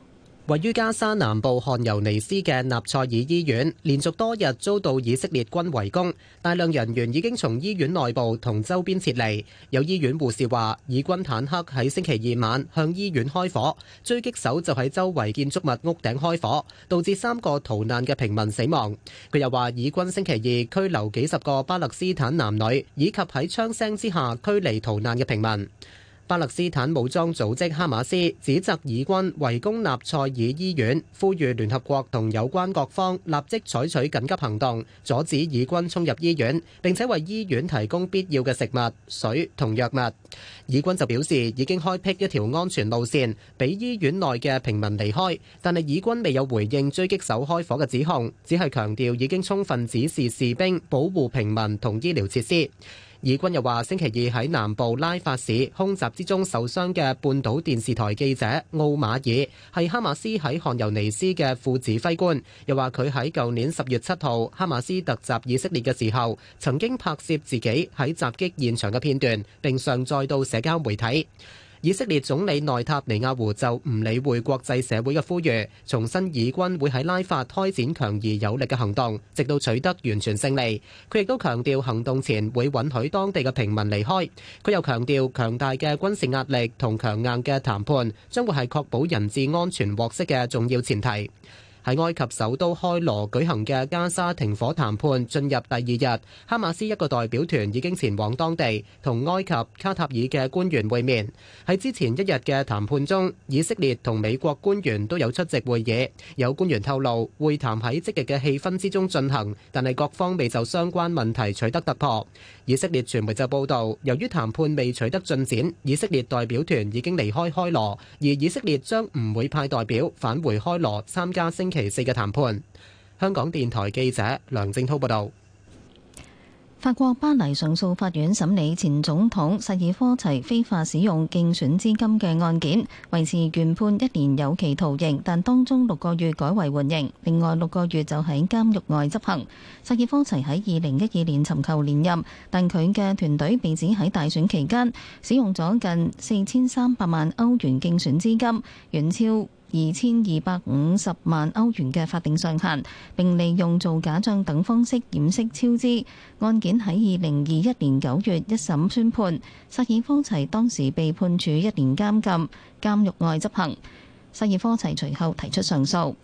位於加沙南部漢尤尼斯嘅納賽爾醫院，連續多日遭到以色列軍圍攻，大量人員已經從醫院內部同周邊撤離。有醫院護士話，以軍坦克喺星期二晚向醫院開火，狙擊手就喺周圍建築物屋頂開火，導致三個逃難嘅平民死亡。佢又話，以軍星期二拘留幾十個巴勒斯坦男女，以及喺槍聲之下驅離逃難嘅平民。巴勒斯坦武裝組織哈馬斯指責以軍圍攻納賽爾醫院，呼籲聯合國同有關各方立即採取緊急行動，阻止以軍衝入醫院，並且為醫院提供必要嘅食物、水同藥物。以軍就表示已經開闢一條安全路線，俾醫院內嘅平民離開，但係以軍未有回應狙擊手開火嘅指控，只係強調已經充分指示士兵保護平民同醫療設施。以軍又話，星期二喺南部拉法市空襲之中受傷嘅半島電視台記者奧馬爾，係哈馬斯喺汗尤尼斯嘅副指揮官。又話佢喺舊年十月七號哈馬斯突襲以色列嘅時候，曾經拍攝自己喺襲擊現場嘅片段，並上載到社交媒體。以色列總理內塔尼亞胡就唔理會國際社會嘅呼籲，重申以軍會喺拉法開展強而有力嘅行動，直到取得完全勝利。佢亦都強調行動前會允許當地嘅平民離開。佢又強調強大嘅軍事壓力同強硬嘅談判將會係確保人質安全獲釋嘅重要前提。喺埃及首都開羅舉行嘅加沙停火談判進入第二日，哈馬斯一個代表團已經前往當地同埃及、卡塔爾嘅官員會面。喺之前一日嘅談判中，以色列同美國官員都有出席會議。有官員透露，會談喺積極嘅氣氛之中進行，但係各方未就相關問題取得突破。以色列傳媒就報道，由於談判未取得進展，以色列代表團已經離開開羅，而以色列將唔會派代表返回開羅參加星星期四嘅談判。香港電台記者梁正濤報道，法國巴黎上訴法院審理前總統薩爾科齊非法使用競選資金嘅案件，維持原判一年有期徒刑，但當中六個月改為緩刑，另外六個月就喺監獄外執行。薩爾科齊喺二零一二年尋求連任，但佢嘅團隊被指喺大選期間使用咗近四千三百萬歐元競選資金，遠超。二千二百五十萬歐元嘅法定上限，並利用做假賬等方式掩飾超支。案件喺二零二一年九月一審宣判，薩爾科齊當時被判處一年監禁，監獄外執行。薩爾科齊隨後提出上訴。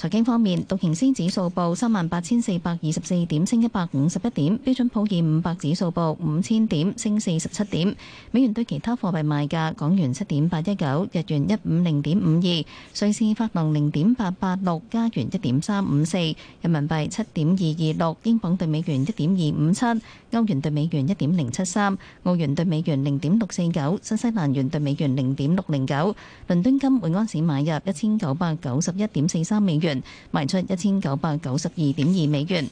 財經方面，道瓊斯指數報3萬8千4百24點，升151點；標準普爾500指數報5000點，升47點。美元對其他貨幣賣價：港元7.819，日元150.52，瑞士法郎0.886，加元1.354，人民幣7.226，英鎊對美元1.257，歐元對美元1.073，澳元對美元0.649，新西蘭元對美元0.609。倫敦金每盎司買入1,991.43美元。賣出一千九百九十二點二美元。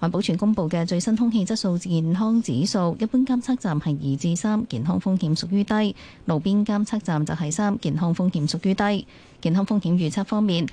環保署公布嘅最新空氣質素健康指數，一般監測站係二至三，健康風險屬於低；路邊監測站就係三，健康風險屬於低。健康風險預測方面，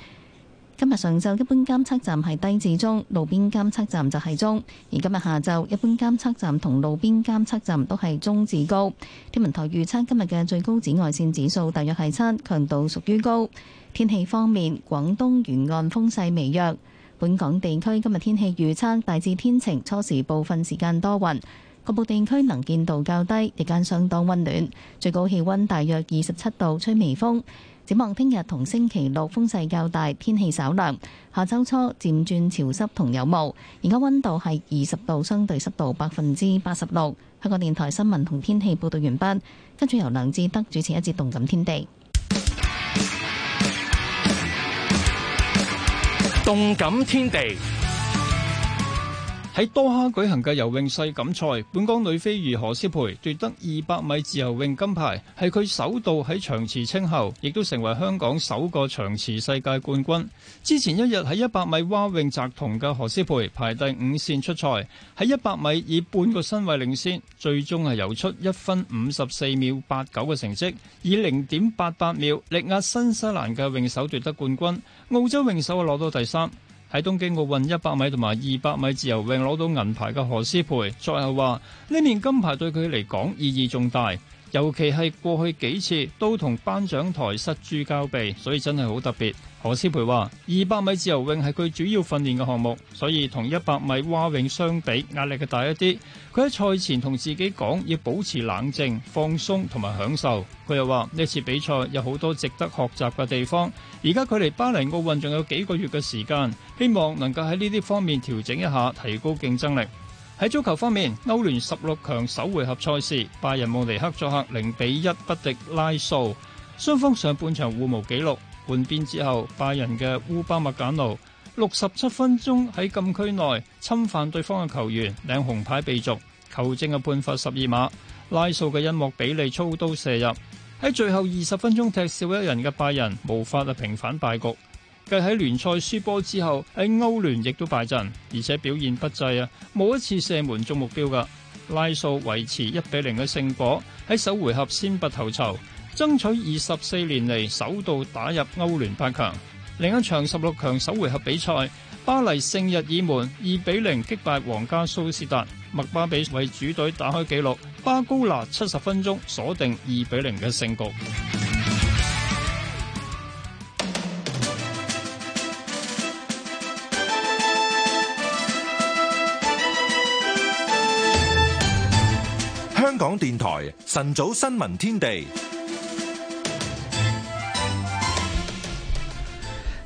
今日上晝一般監測站係低至中，路邊監測站就係中；而今日下晝一般監測站同路邊監測站都係中至高。天文台預測今日嘅最高紫外線指數大約係七，強度屬於高。天氣方面，廣東沿岸風勢微弱。本港地區今日天氣預測大致天晴，初時部分時間多雲，局部地區能見度較低，日間相當溫暖，最高氣溫大約二十七度，吹微風。展望聽日同星期六風勢較大，天氣稍涼。下週初漸轉潮濕同有霧。而家溫度係二十度，相對濕度百分之八十六。香港電台新聞同天氣報道完畢，跟住由梁志德主持一節《動感天地》。動感天地。喺多哈舉行嘅游泳世錦賽，本港女飛魚何詩蓓奪得200米自由泳金牌，係佢首度喺長池稱后，亦都成為香港首個長池世界冠軍。之前一日喺100米蛙泳摘銅嘅何詩蓓排第五線出賽，喺100米以半個身位領先，最終係游出一分五十四秒八九嘅成績，以零點八八秒力壓新西蘭嘅泳手奪得冠軍，澳洲泳手啊攞到第三。喺東京奧運一百米同埋二百米自由泳攞到銀牌嘅何詩蓓賽後話：呢面金牌對佢嚟講意義重大。尤其係過去幾次都同頒獎台失諸交臂，所以真係好特別。何詩蓓話：二百米自由泳係佢主要訓練嘅項目，所以同一百米蛙泳相比，壓力係大一啲。佢喺賽前同自己講要保持冷靜、放鬆同埋享受。佢又話：呢次比賽有好多值得學習嘅地方。而家距離巴黎奧運仲有幾個月嘅時間，希望能夠喺呢啲方面調整一下，提高競爭力。喺足球方面，歐聯十六強首回合賽事，拜仁慕尼黑作客零比一不敵拉素。雙方上半場互無紀錄，換邊之後，拜仁嘅烏巴麥簡奴六十七分鐘喺禁區內侵犯對方嘅球員，領紅牌被逐，球證嘅判罰十二碼。拉素嘅恩莫比利操刀射入，喺最後二十分鐘踢少一人嘅拜仁，無法啊平反敗局。繼喺聯賽輸波之後，喺歐聯亦都敗陣，而且表現不濟啊，冇一次射門中目標噶。拉素維持一比零嘅勝果，喺首回合先拔頭籌，爭取二十四年嚟首度打入歐聯八強。另一場十六強首回合比賽，巴黎聖日耳門二比零擊敗皇家蘇斯達，麥巴比為主隊打開紀錄，巴高拿七十分鐘鎖定二比零嘅勝局。港電台晨早新聞天地，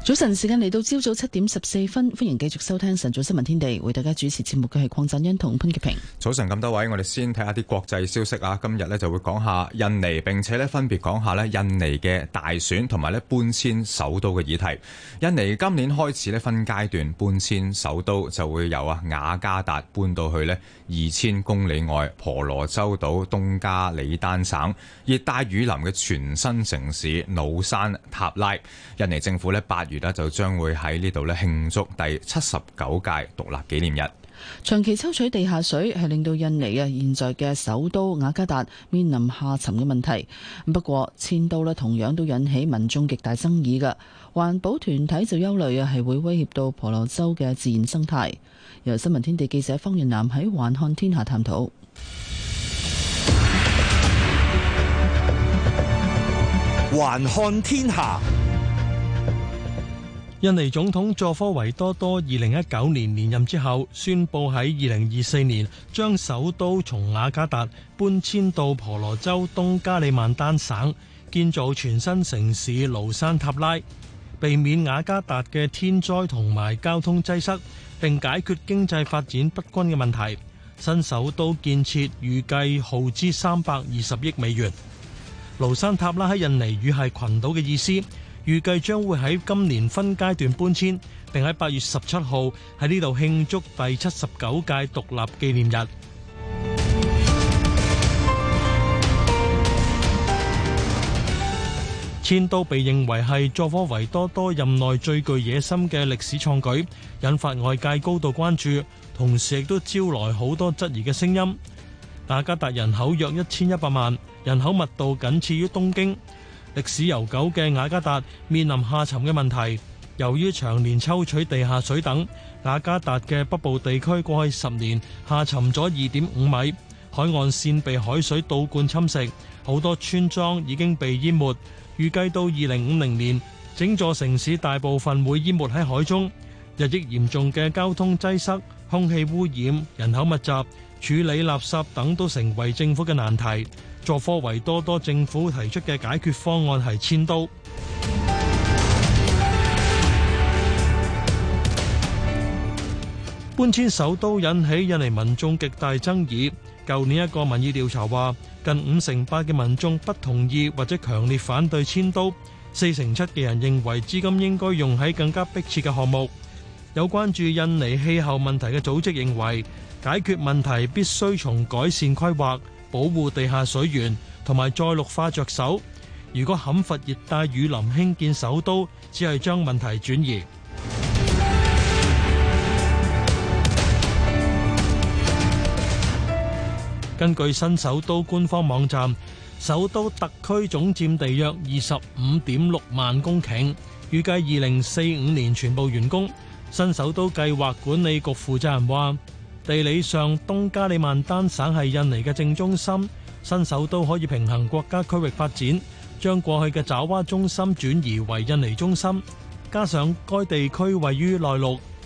早晨時間嚟到朝早七點十四分，歡迎繼續收聽晨早新聞天地，為大家主持節目嘅係鄺振欣同潘潔平。早晨咁多位，我哋先睇下啲國際消息啊！今日呢，就會講下印尼，並且呢，分別講下呢印尼嘅大選同埋呢搬遷首都嘅議題。印尼今年開始呢，分階段搬遷首都，就會由啊雅加達搬到去呢。二千公里外婆羅洲島東加里丹省熱帶雨林嘅全新城市努山塔拉，印尼政府呢八月呢就將會喺呢度呢慶祝第七十九屆獨立紀念日。長期抽取地下水係令到印尼啊現在嘅首都雅加達面臨下沉嘅問題。不過遷都呢同樣都引起民眾極大爭議嘅。環保團體就憂慮啊係會威脅到婆羅洲嘅自然生態。由新聞天地記者方潤南喺《環看天下》探討《環看天下》。印尼總統佐科維多多二零一九年連任之後，宣布喺二零二四年將首都從雅加達搬遷到婆羅洲東加里曼丹省，建造全新城市盧山塔拉，避免雅加達嘅天災同埋交通擠塞。並解決經濟發展不均嘅問題。新首都建設預計耗資三百二十億美元。盧山塔拉喺印尼語係群島嘅意思，預計將會喺今年分階段搬遷，並喺八月十七號喺呢度慶祝第七十九屆獨立紀念日。遷都被認為係佐科維多多任內最具野心嘅歷史創舉，引發外界高度關注，同時亦都招來好多質疑嘅聲音。雅加達人口約一千一百萬，人口密度僅次於東京。歷史悠久嘅雅加達面臨下沉嘅問題，由於長年抽取地下水等，雅加達嘅北部地區過去十年下沉咗二點五米，海岸線被海水倒灌侵蝕，好多村莊已經被淹沒。預計到二零五零年，整座城市大部分會淹沒喺海中。日益嚴重嘅交通擠塞、空氣污染、人口密集、處理垃圾等都成為政府嘅難題。佐科維多多政府提出嘅解決方案係遷都，搬遷首都引起印尼民眾極大爭議。舊年一個民意調查話，近五成八嘅民眾不同意或者強烈反對遷都，四成七嘅人認為資金應該用喺更加迫切嘅項目。有關注印尼氣候問題嘅組織認為，解決問題必須從改善規劃、保護地下水源同埋再綠化着手。如果砍伐熱帶雨林興建首都，只係將問題轉移。根據新首都官方網站，首都特區總佔地約二十五點六萬公頃，預計二零四五年全部完工。新首都計劃管理局負責人話：地理上，東加里曼丹省係印尼嘅正中心，新首都可以平衡國家區域發展，將過去嘅爪哇中心轉移為印尼中心，加上該地區位於內陸。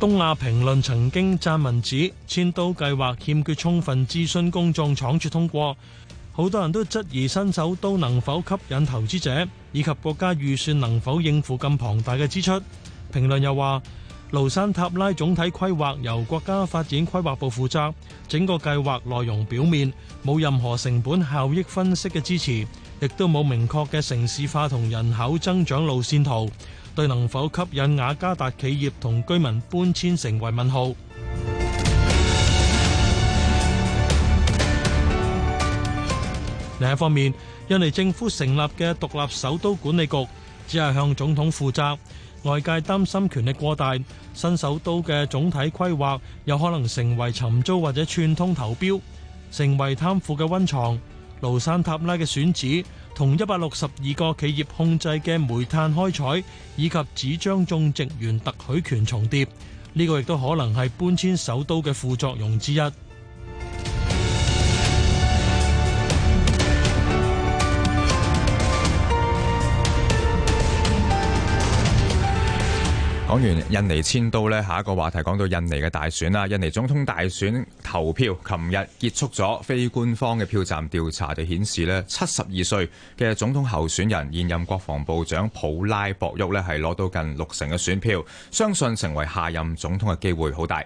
東亞評論曾經撰文指，遷都計劃欠缺充分諮詢公眾，倉促通過，好多人都質疑新首都能否吸引投資者，以及國家預算能否應付咁龐大嘅支出。評論又話，盧山塔拉總體規劃由國家發展規劃部負責，整個計劃內容表面冇任何成本效益分析嘅支持，亦都冇明確嘅城市化同人口增長路線圖。對能否吸引雅加達企業同居民搬遷成為問號。另一方面，印尼政府成立嘅獨立首都管理局只係向總統負責，外界擔心權力過大，新首都嘅總體規劃有可能成為尋租或者串通投標，成為貪腐嘅温床。廬山塔拉嘅選址，同一百六十二個企業控制嘅煤炭開採以及紙漿種植園特許權重疊，呢、這個亦都可能係搬遷首都嘅副作用之一。講完印尼遷都。呢，下一個話題講到印尼嘅大選啦。印尼總統大選投票，琴日結束咗非官方嘅票站調查就顯示呢，七十二歲嘅總統候選人，現任國防部長普拉博沃，呢係攞到近六成嘅選票，相信成為下任總統嘅機會好大。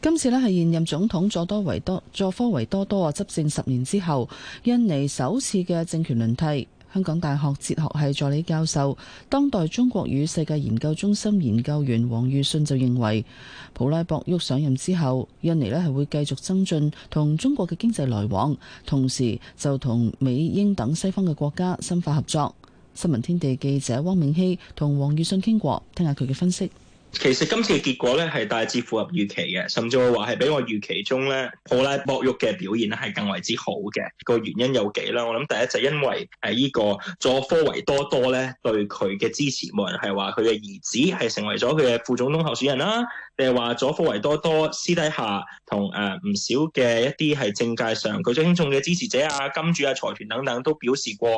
今次呢係現任總統佐多維多佐科維多多執政十年之後，印尼首次嘅政權輪替。香港大學哲學系助理教授、當代中國與世界研究中心研究員王玉信就認為，普拉博沃上任之後，印尼呢係會繼續增進同中國嘅經濟來往，同時就同美英等西方嘅國家深化合作。新聞天地記者汪明希同王玉信傾過，聽下佢嘅分析。其實今次嘅結果咧係大致符合預期嘅，甚至話係比我預期中咧，普拉博沃嘅表現咧係更為之好嘅。個原因有幾啦？我諗第一就係，因為誒依、啊這個佐科維多多咧對佢嘅支持，無人係話佢嘅兒子係成為咗佢嘅副總統候選人啦、啊。就係話佐夫維多多私底下同誒唔少嘅一啲係政界上舉足輕重嘅支持者啊、金主啊、財團等等都表示過，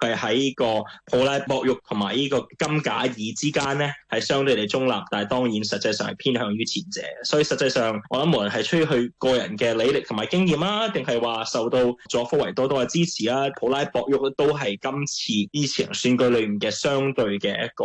佢係喺個普拉博育同埋呢個金假爾之間咧係相對嚟中立，但係當然實際上係偏向於前者。所以實際上我諗無論係出於佢個人嘅履歷同埋經驗啊，定係話受到佐夫維多多嘅支持啊？普拉博育都係今次呢次選舉裏面嘅相對嘅一個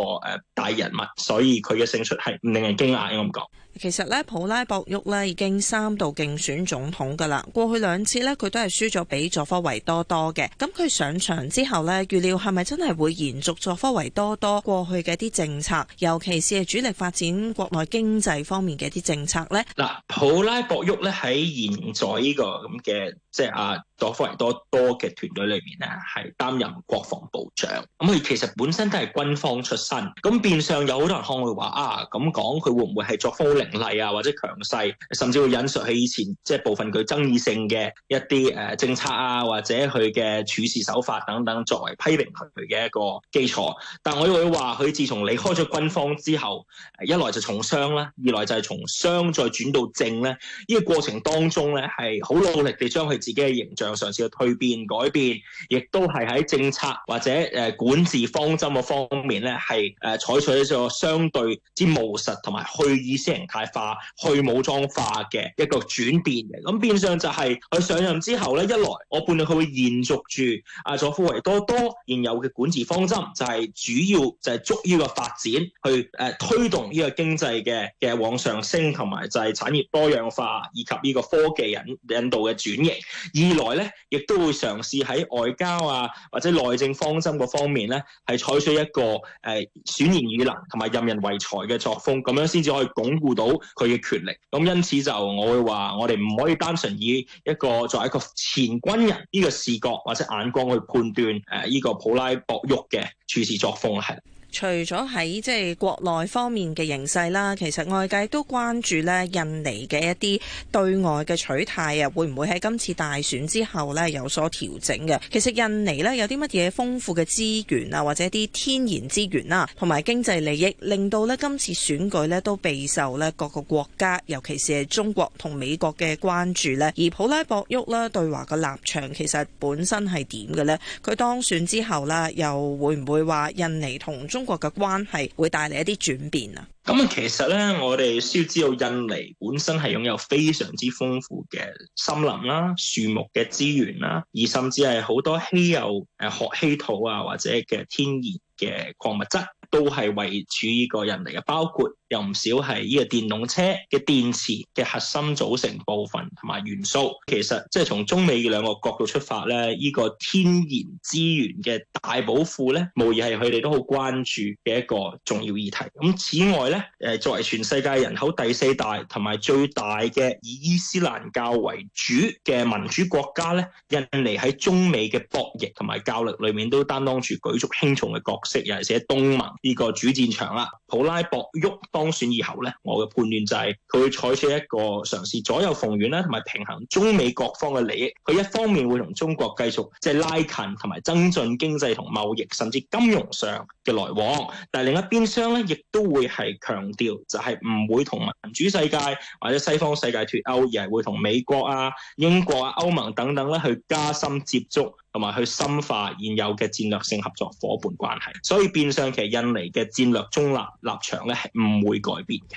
大人物，所以佢嘅勝出係唔令人驚訝。咁講其實咧，普拉博沃咧已經三度競選總統噶啦，過去兩次咧佢都係輸咗俾佐科維多多嘅。咁佢上場之後咧，預料係咪真係會延續佐科維多多過去嘅一啲政策，尤其是係主力發展國內經濟方面嘅一啲政策咧？嗱，普拉博沃咧喺現在呢個咁嘅。即係、啊、佐科維多多嘅團隊裏面咧，係擔任國防部長。咁佢其實本身都係軍方出身。咁變相有好多人可能會話啊，咁講佢會唔會係作風凌厲啊，或者強勢，甚至會引述佢以前即係部分佢爭議性嘅一啲、啊、政策啊，或者佢嘅處事手法等等，作為批評佢嘅一個基礎。但係我會話佢自從離開咗軍方之後，一來就從商啦，二來就係從商再轉到政咧。呢、呢個過程當中咧係好努力地將佢自己嘅形象嘗試去蛻變改變，亦都係喺政策或者誒管治方針嘅方面咧，係誒採取咗相對之務實同埋去意識形態化、去武裝化嘅一個轉變嘅。咁變相就係佢上任之後咧，一來我判斷佢會延續住阿佐夫維多多現有嘅管治方針，就係主要就係聚焦個發展去誒推動呢個經濟嘅嘅往上升，同埋就係產業多樣化以及呢個科技引引導嘅轉型。二來咧，亦都會嘗試喺外交啊，或者內政方針嗰方面咧，係採取一個誒、呃、選賢與能同埋任人唯才嘅作風，咁樣先至可以鞏固到佢嘅權力。咁因此就我會話，我哋唔可以單純以一個作為一個前軍人呢個視角或者眼光去判斷誒呢個普拉博沃嘅處事作風啦，係。除咗喺即係國內方面嘅形勢啦，其實外界都關注咧印尼嘅一啲對外嘅取態啊，會唔會喺今次大選之後咧有所調整嘅？其實印尼咧有啲乜嘢豐富嘅資源啊，或者啲天然資源啊同埋經濟利益，令到咧今次選舉咧都備受咧各個國家，尤其是係中國同美國嘅關注咧。而普拉博沃咧對華嘅立場其實本身係點嘅咧？佢當選之後咧又會唔會話印尼同中？中國嘅關係會帶嚟一啲轉變啊！咁其實咧，我哋需要知道，印尼本身係擁有非常之豐富嘅森林啦、樹木嘅資源啦，而甚至係好多稀有誒、學、呃、稀土啊，或者嘅天然。嘅礦物質都係為主要個人嚟嘅，包括有唔少係呢個電動車嘅電池嘅核心組成部分同埋元素。其實即係從中美嘅兩個角度出發咧，呢呢個天然資源嘅大寶庫咧，無疑係佢哋都好關注嘅一個重要議題。咁此外咧，誒作為全世界人口第四大同埋最大嘅以伊斯蘭教為主嘅民主國家咧，印尼喺中美嘅博弈同埋教育裏面都擔當住舉足輕重嘅角色。尤其係喺東盟呢個主戰場啦。普拉博沃當選以後咧，我嘅判斷就係佢會採取一個嘗試左右逢源啦，同埋平衡中美各方嘅利益。佢一方面會同中國繼續即係拉近，同埋增進經濟同貿易，甚至金融上嘅來往。但係另一邊廂咧，亦都會係強調就係唔會同民主世界或者西方世界脱歐，而係會同美國啊、英國啊、歐盟等等咧，啊、去加深接觸。同埋去深化現有嘅戰略性合作伙伴關係，所以變相其實印尼嘅戰略中立立場咧係唔會改變嘅。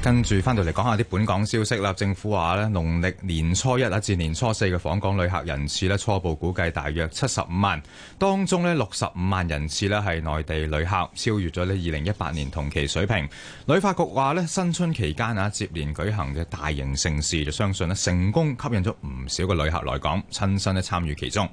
跟住翻到嚟講下啲本港消息啦，政府話呢農曆年初一啊至年初四嘅訪港旅客人次呢初步估計大約七十五萬，當中呢六十五萬人次呢係內地旅客，超越咗呢二零一八年同期水平。旅發局話呢新春期間啊接連舉行嘅大型盛事，就相信呢成功吸引咗唔少嘅旅客來港親身呢參與其中。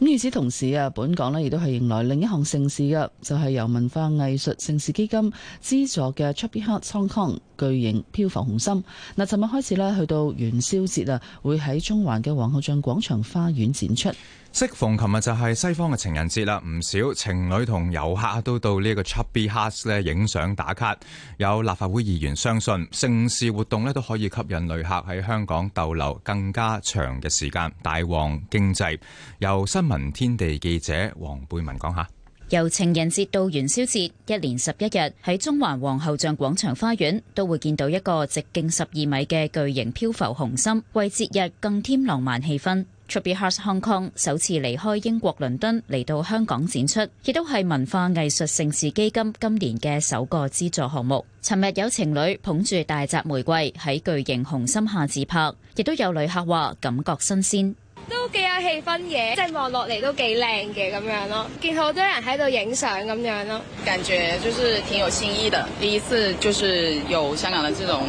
咁與此同時啊，本港咧亦都係迎來另一項盛事噶，就係、是、由文化藝術盛事基金資助嘅 Chubby Hearts Hong Kong 巨型漂浮紅心。嗱，尋日開始咧，去到元宵節啊，會喺中環嘅皇后像廣場花園展出。適逢琴日就係西方嘅情人節啦，唔少情侶同遊客都到呢個 Chubby Hearts 咧影相打卡。有立法會議員相信，盛事活動都可以吸引旅客喺香港逗留更加長嘅時間，大旺經濟。由新聞天地記者黃貝文講下：由情人節到元宵節，一連十一日喺中環皇后像廣場花園都會見到一個直徑十二米嘅巨型漂浮紅心，為節日更添浪漫氣氛。Chubby Hearts Hong Kong 首次離開英國倫敦嚟到香港展出，亦都係文化藝術盛事基金今年嘅首個資助項目。尋日有情侶捧住大紮玫瑰喺巨型紅心下自拍，亦都有旅客話感覺新鮮，都幾有氣氛嘅，即係望落嚟都幾靚嘅咁樣咯。見好多人喺度影相咁樣咯。感覺就是挺有新意的，第一次就是有香港的這種。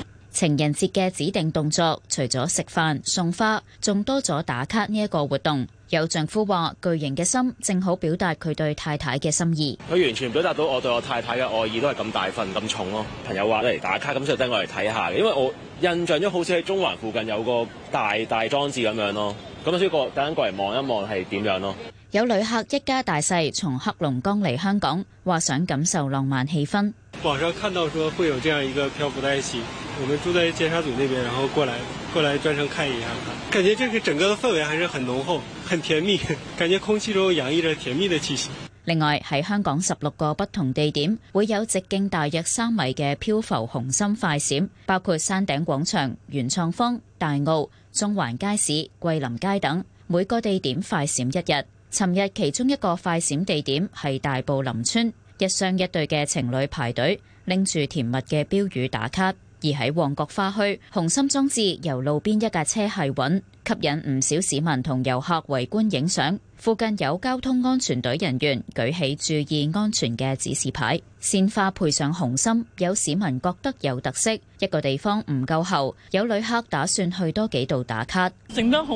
情人節嘅指定動作，除咗食飯送花，仲多咗打卡呢一個活動。有丈夫話：巨型嘅心正好表達佢對太太嘅心意。佢完全表達到我對我太太嘅愛意都係咁大份、咁重咯。朋友話嚟打卡，咁所以等我嚟睇下嘅，因為我印象咗好似喺中環附近有個大大裝置咁樣咯。咁所以等陣過嚟望一望係點樣咯。有旅客一家大細從黑龍江嚟香港，話想感受浪漫氣氛。網上看到說會有這樣一個漂浮在一起我們住在尖沙咀那邊，然後過來過來專程看一下，感覺這個整個的氛圍還是很濃厚、很甜蜜，感覺空氣中洋溢,溢着甜蜜的氣息。另外喺香港十六個不同地點會有直徑大約三米嘅漂浮紅心快閃，包括山頂廣場、元創方、大澳、中環街市、桂林街等每個地點快閃一日。尋日其中一個快閃地點係大埔林村，一雙一對嘅情侶排隊拎住甜蜜嘅標語打卡。而喺旺角花墟，紅心裝置由路邊一架車係揾，吸引唔少市民同遊客圍觀影相。附近有交通安全隊人員舉起注意安全嘅指示牌，鮮花配上紅心，有市民覺得有特色。一個地方唔夠喉，有旅客打算去多幾度打卡，整得好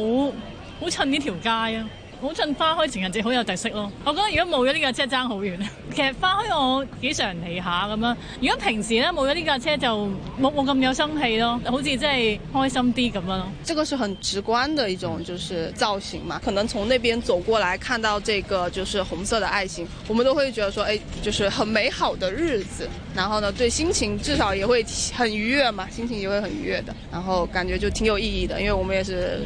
好襯呢條街啊！好趁花開情人節好有特色咯！我覺得如果冇咗呢架車爭好遠啊！其實花開我幾常理下咁啦。如果平時咧冇咗呢架車就冇冇咁有生氣咯，好似真係開心啲咁樣咯。這個是很直觀的一種，就是造型嘛。可能從那邊走過來，看到這個就是紅色的愛情。我們都會覺得說，哎、欸，就是很美好的日子。然後呢，對心情至少也會很愉悅嘛，心情也會很愉悅的。然後感覺就挺有意義的，因為我們也是。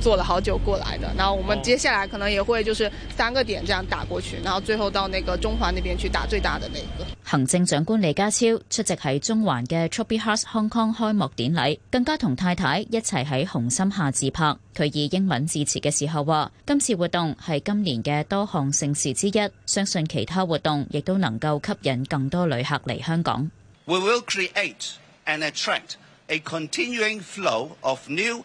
做了好久過來的，然後我們接下來可能也會就是三個點這樣打過去，然後最後到那個中環那邊去打最大的那一個。行政長官李家超出席喺中環嘅 Chubby Hearts Hong Kong 開幕典禮，更加同太太一齊喺紅心下自拍。佢以英文致辭嘅時候話：今次活動係今年嘅多項盛事之一，相信其他活動亦都能夠吸引更多旅客嚟香港。We will create and attract a continuing flow of new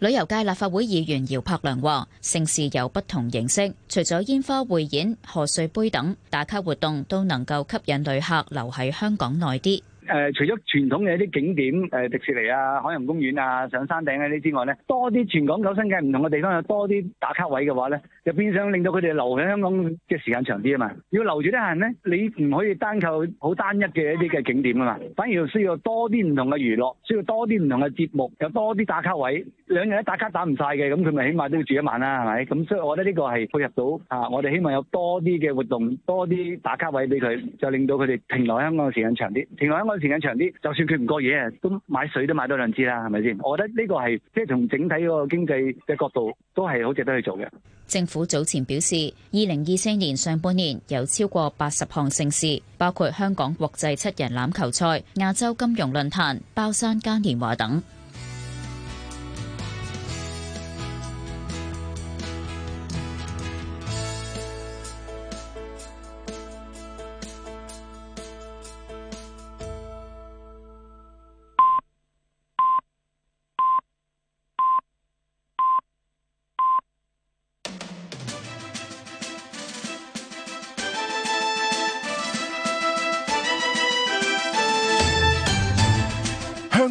旅遊界立法會議員姚柏良話，盛事有不同形式，除咗煙花匯演、賀歲杯等打卡活動，都能夠吸引旅客留喺香港耐啲。誒、呃、除咗傳統嘅一啲景點，誒、呃、迪士尼啊、海洋公園啊、上山頂嗰啲之外咧，多啲全港九新界唔同嘅地方有多啲打卡位嘅話咧，就變相令到佢哋留喺香港嘅時間長啲啊嘛。要留住啲客人咧，你唔可以單靠好單一嘅一啲嘅景點噶嘛，反而需要多啲唔同嘅娛樂，需要多啲唔同嘅節目，有多啲打卡位，兩日一打卡打唔晒嘅，咁佢咪起碼都要住一晚啦，係咪？咁所以我覺得呢個係配合到啊，我哋希望有多啲嘅活動，多啲打卡位俾佢，就令到佢哋停留在香港嘅時間長啲，停留喺香港時間長啲，就算佢唔過夜，都買水都買多兩支啦，係咪先？我覺得呢個係即係從整體個經濟嘅角度，都係好值得去做嘅。政府早前表示，二零二四年上半年有超過八十項盛事，包括香港國際七人欖球賽、亞洲金融論壇、包山嘉年華等。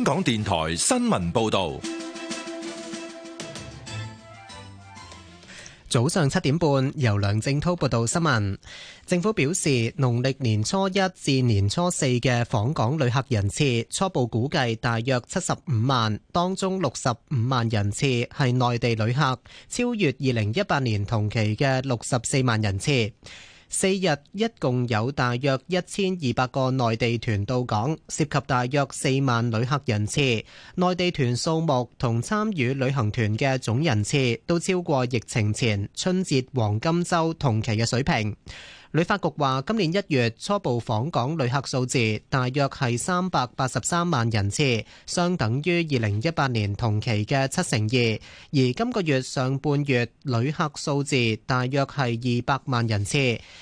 香港電台新聞報道，早上七點半，由梁正濤報道新聞。政府表示，農曆年初一至年初四嘅訪港旅客人次初步估計大約七十五萬，當中六十五萬人次係內地旅客，超越二零一八年同期嘅六十四萬人次。四日一共有大約一千二百個內地團到港，涉及大約四萬旅客人次。內地團數目同參與旅行團嘅總人次都超過疫情前春節黃金周同期嘅水平。旅發局話，今年一月初步訪港旅客數字大約係三百八十三萬人次，相等於二零一八年同期嘅七成二。而今個月上半月旅客數字大約係二百萬人次，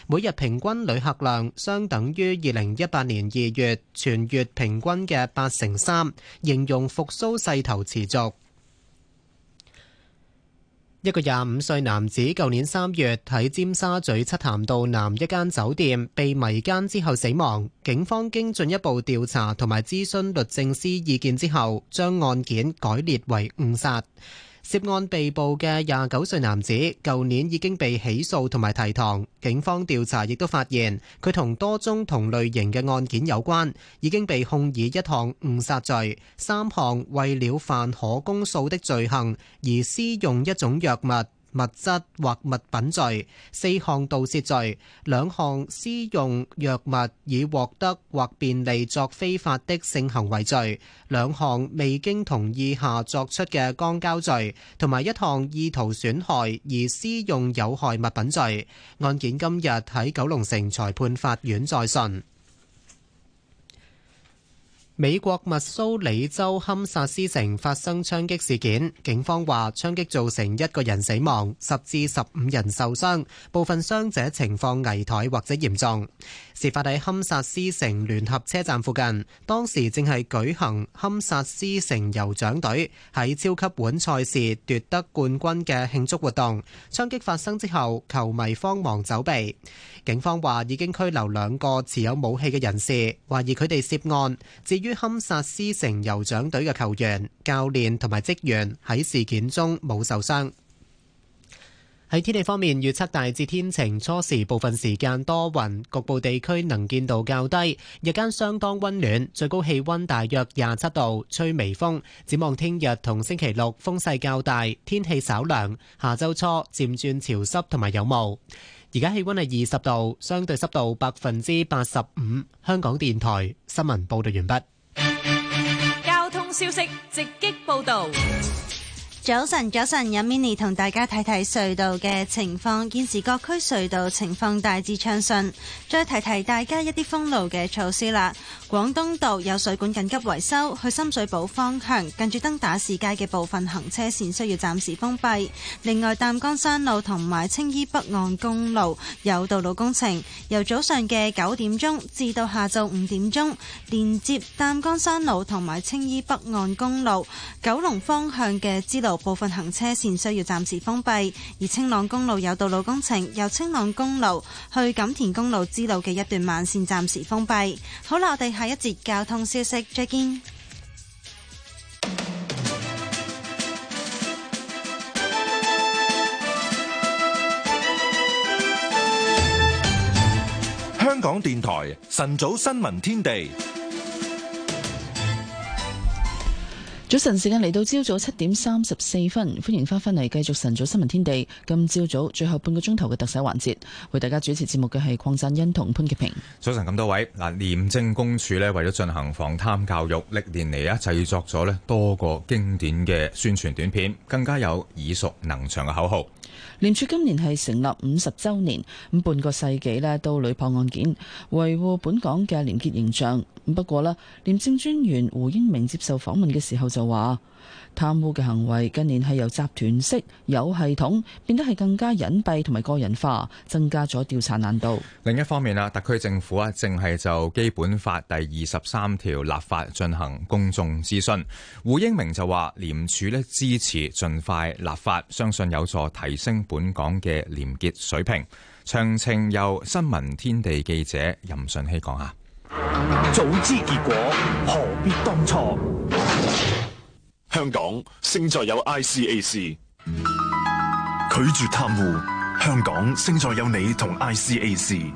每日平均旅客量相等於二零一八年二月全月平均嘅八成三，形容復蘇勢頭持續。一個廿五歲男子，舊年三月喺尖沙咀漆咸道南一間酒店被迷奸之後死亡。警方經進一步調查同埋諮詢律政司意見之後，將案件改列為誤殺。涉案被捕嘅廿九歲男子，舊年已經被起訴同埋提堂。警方調查亦都發現，佢同多宗同類型嘅案件有關，已經被控以一項誤殺罪、三項為了犯可公訴的罪行而施用一種藥物物質或物品罪、四項盜竊罪、兩項私用藥物以獲得或便利作非法的性行為罪、兩項未經同意下作出嘅肛交罪，同埋一項意圖損害而私用有害物品罪。案件今日喺九龍城裁判法院再審。美國密蘇里州堪薩斯城發生槍擊事件，警方話槍擊造成一個人死亡，十至十五人受傷，部分傷者情況危殆或者嚴重。事發喺堪薩斯城聯合車站附近，當時正係舉行堪薩斯城酋長隊喺超級碗賽事奪得冠軍嘅慶祝活動。槍擊發生之後，球迷慌忙走避。警方話已經拘留兩個持有武器嘅人士，懷疑佢哋涉案。至於堪薩斯城酋長隊嘅球員、教練同埋職員喺事件中冇受傷。喺天氣方面，預測大致天晴，初時部分時間多雲，局部地區能見度較低。日間相當溫暖，最高氣溫大約廿七度，吹微風。展望聽日同星期六風勢較大，天氣稍涼。下周初漸轉潮濕同埋有霧。而家氣溫係二十度，相對濕度百分之八十五。香港電台新聞報道完畢。交通消息直擊報道。早晨，早晨，有 mini 同大家睇睇隧道嘅情況。現時各區隧道情況大致暢順。再提提大家一啲封路嘅措施啦。廣東道有水管緊急維修，去深水埗方向近住登打士街嘅部分行車線需要暫時封閉。另外，淡江山路同埋青衣北岸公路有道路工程，由早上嘅九點鐘至到下晝五點鐘，連接淡江山路同埋青衣北岸公路九龍方向嘅支路。部分行車線需要暫時封閉，而青朗公路有道路工程，由青朗公路去錦田公路支路嘅一段慢線暫時封閉。好啦，我哋下一節交通消息再見。香港電台晨早新聞天地。早晨時間嚟到朝早七點三十四分，歡迎翻返嚟繼續晨早新聞天地。今朝早最後半個鐘頭嘅特首環節，為大家主持節目嘅係鄺振恩同潘潔平。早晨咁多位，廉政公署呢為咗進行防貪教育，歷年嚟啊製作咗呢多個經典嘅宣傳短片，更加有耳熟能詳嘅口號。廉署今年係成立五十周年，咁半個世紀呢都屢破案件，維護本港嘅廉潔形象。不過咧，廉政專員胡英明接受訪問嘅時候就話，貪污嘅行為近年係由集團式、有系統，變得係更加隱蔽同埋個人化，增加咗調查難度。另一方面啊，特區政府啊淨係就《基本法》第二十三條立法進行公眾諮詢。胡英明就話，廉署咧支持盡快立法，相信有助提升本港嘅廉潔水平。詳情由新聞天地記者任順希講下。早知結果，何必當初？香港勝在有 ICAC，拒絕貪污。香港勝在有你同 ICAC。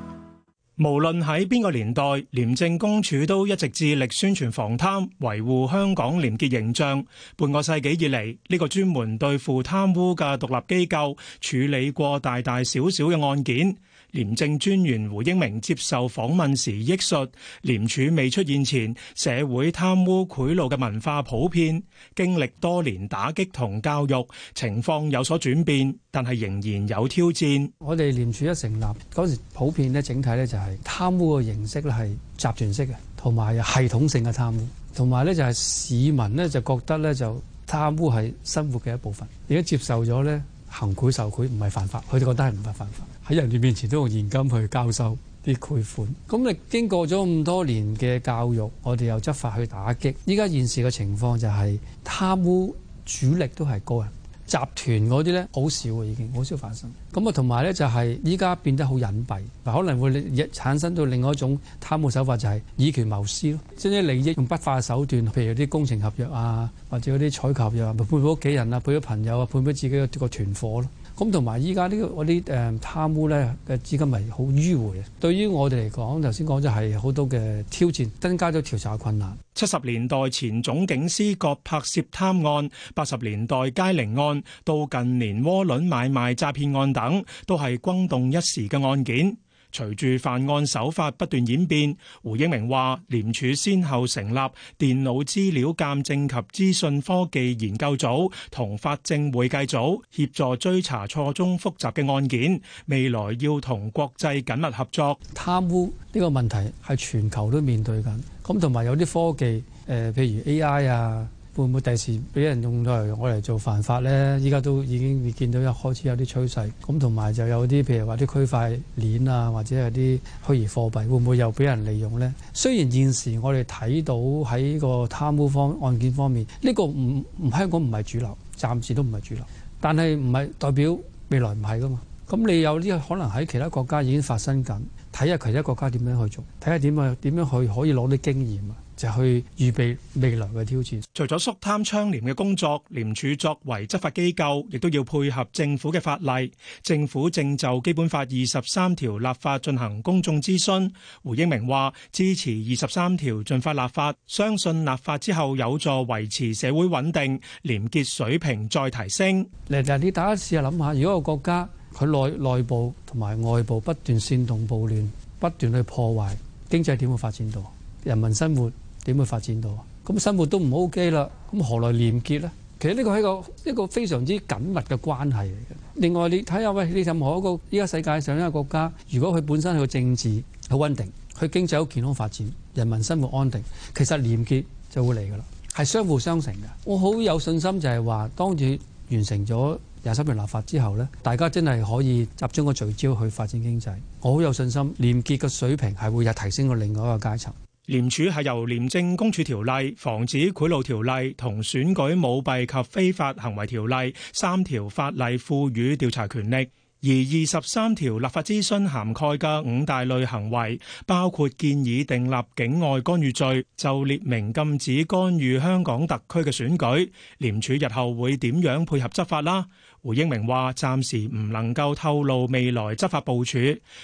無論喺邊個年代，廉政公署都一直致力宣傳防貪，維護香港廉潔形象。半個世紀以嚟，呢、這個專門對付貪污嘅獨立機構，處理過大大小小嘅案件。廉政專員胡英明接受訪問時憶述，廉署未出現前，社會貪污賄賂嘅文化普遍。經歷多年打擊同教育，情況有所轉變，但係仍然有挑戰。我哋廉署一成立嗰時，普遍咧整體咧就係貪污嘅形式咧係集團式嘅，同埋系統性嘅貪污，同埋咧就係市民咧就覺得咧就貪污係生活嘅一部分。而家接受咗咧，行賄受賄唔係犯法，佢哋覺得係唔係犯法。喺人哋面前都用現金去交收啲賄款，咁你經過咗咁多年嘅教育，我哋又執法去打擊，依家現時嘅情況就係貪污主力都係高人集團嗰啲咧，好少啊已經，好少發生。咁啊同埋咧就係依家變得好隱蔽，嗱可能會產生到另外一種貪污手法，就係以權謀私咯，即啲利益用不法手段，譬如啲工程合約啊，或者嗰啲採購合約啊，判俾屋企人啊，判俾朋友啊，判俾自己個團伙咯。咁同埋依家呢個我啲誒貪污咧嘅資金係好迂迴嘅，對於我哋嚟講，頭先講咗係好多嘅挑戰，增加咗調查困難。七十年代前總警司葛柏涉貪案，八十年代佳寧案，到近年窩輪買賣詐騙案等，都係轟動一時嘅案件。隨住犯案手法不斷演變，胡英明話：廉署先後成立電腦資料鑑證及資訊科技研究組，同法證會計組協助追查錯綜複雜嘅案件。未來要同國際緊密合作，貪污呢個問題係全球都面對緊。咁同埋有啲科技，誒，譬如 AI 啊。會唔會第時俾人用來我嚟做犯法咧？依家都已經見到一開始有啲趨勢，咁同埋就有啲譬如話啲區塊鏈啊，或者係啲虛擬貨幣，會唔會又俾人利用咧？雖然現時我哋睇到喺個貪污方案件方面，呢個唔唔香港唔係主流，暫時都唔係主流，但係唔係代表未來唔係噶嘛。咁你有啲可能喺其他國家已經發生緊，睇下其他國家點樣去做，睇下點啊點樣去可以攞啲經驗啊。就去預備未來嘅挑戰，除咗肅貪倡廉嘅工作，廉署作為執法機構，亦都要配合政府嘅法例。政府正就《基本法》二十三條立法進行公眾諮詢，胡英明話支持二十三條進法立法，相信立法之後有助維持社會穩定，廉潔水平再提升。你，你大家試下諗下，如果個國家佢內內部同埋外部不斷煽動暴亂，不斷去破壞經濟，點會發展到人民生活？點會發展到啊？咁生活都唔 OK 啦，咁何來廉潔呢？其實呢個係一個一個非常之緊密嘅關係嚟嘅。另外你睇下，喂，你任何一個依家世界上一個國家，如果佢本身個政治好穩定，佢經濟好健康發展，人民生活安定，其實廉潔就會嚟噶啦，係相輔相成嘅。我好有，有信心，就係話當住完成咗廿三條立法之後呢，大家真係可以集中個聚焦去發展經濟。我好有信心，廉潔嘅水平係會有提升到另外一個階層。廉署係由廉政公署條例、防止賄賂條例同選舉舞弊及非法行為條例三條法例賦予調查權力，而二十三條立法諮詢涵蓋嘅五大類行為，包括建議訂立境外干預罪，就列明禁止干預香港特區嘅選舉。廉署日後會點樣配合執法啦？胡英明話，暫時唔能夠透露未來執法部署，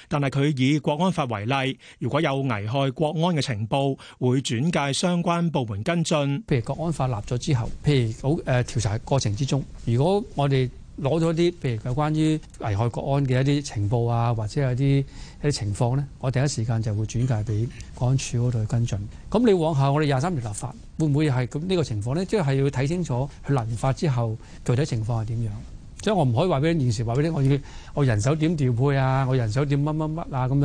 但係佢以國安法為例，如果有危害國安嘅情報，會轉介相關部門跟進。譬如國安法立咗之後，譬如好誒、呃、調查過程之中，如果我哋攞咗啲譬如嘅關於危害國安嘅一啲情報啊，或者係啲一啲情況咧，我第一時間就會轉介俾國安處嗰度去跟進。咁你往下，我哋廿三條立法會唔會係咁呢個情況咧？即係要睇清楚佢立法之後具體情況係點樣。所以我唔可以話俾你現時話俾你我要我人手點調配啊，我人手點乜乜乜啊咁樣，什麼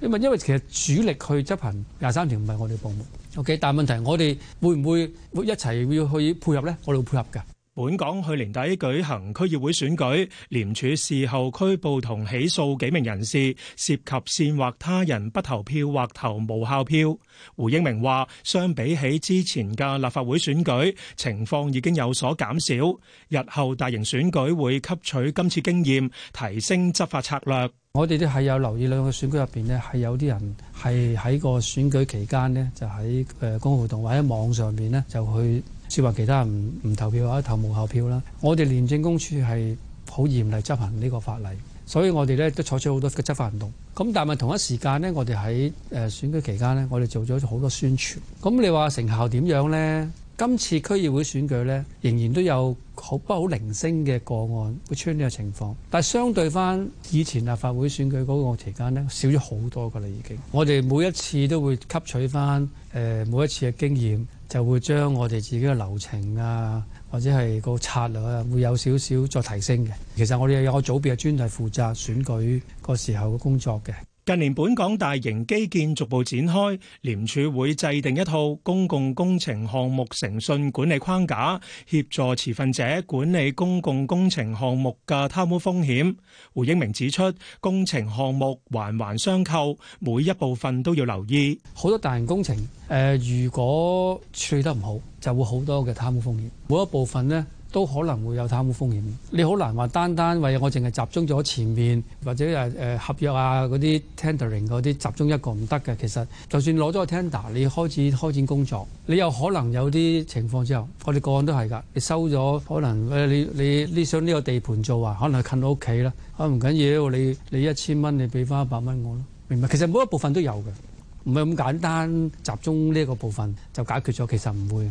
什麼什麼。因為因為其實主力去執行廿三條唔係我哋部門 OK。但問題我哋會唔會一齊要去配合咧？我哋會配合㗎。本港去年底舉行區議會選舉，廉署事後拘捕同起訴幾名人士，涉及煽惑他人不投票或投無效票。胡英明話：相比起之前嘅立法會選舉，情況已經有所減少。日後大型選舉會吸取今次經驗，提升執法策略。我哋都係有留意兩個選舉入邊咧，係有啲人係喺個選舉期間咧，就喺誒公共活動或者網上面咧，就去。説話，其他人唔唔投票或者投無效票啦。我哋廉政公署係好嚴厲執行呢個法例，所以我哋咧都採取好多嘅執法行動。咁但係同一時間咧，我哋喺誒選舉期間咧，我哋做咗好多宣傳。咁你話成效點樣咧？今次區議會選舉咧，仍然都有好不好零星嘅個案會出現呢個情況，但係相對翻以前立法會選舉嗰個期間咧，少咗好多㗎喇。已經，我哋每一次都會吸取翻誒每一次嘅經驗。就會將我哋自己嘅流程啊，或者係個策略啊，會有少少再提升嘅。其實我哋有個組別係專門負責選舉個時候嘅工作嘅。近年本港大型基建逐步展開，廉署會制定一套公共工程項目誠信管理框架，協助持份者管理公共工程項目嘅貪污風險。胡英明指出工程項目環環相扣，每一部分都要留意，好多大型工程，呃、如果處理得唔好，就會好多嘅貪污風險，每一部分呢都可能會有貪污風險。你好難話單單為我淨係集中咗前面或者誒、呃、合約啊嗰啲 tendering 嗰啲集中一個唔得嘅。其實就算攞咗個 tender，你開始開展工作，你有可能有啲情況之後，我哋個案都係㗎。你收咗可能誒你你你想呢個地盤做啊，可能係近到屋企啦，可能唔緊要。你你一千蚊你俾翻一百蚊我咯，明白。其實每一部分都有嘅，唔係咁簡單集中呢一個部分就解決咗。其實唔會。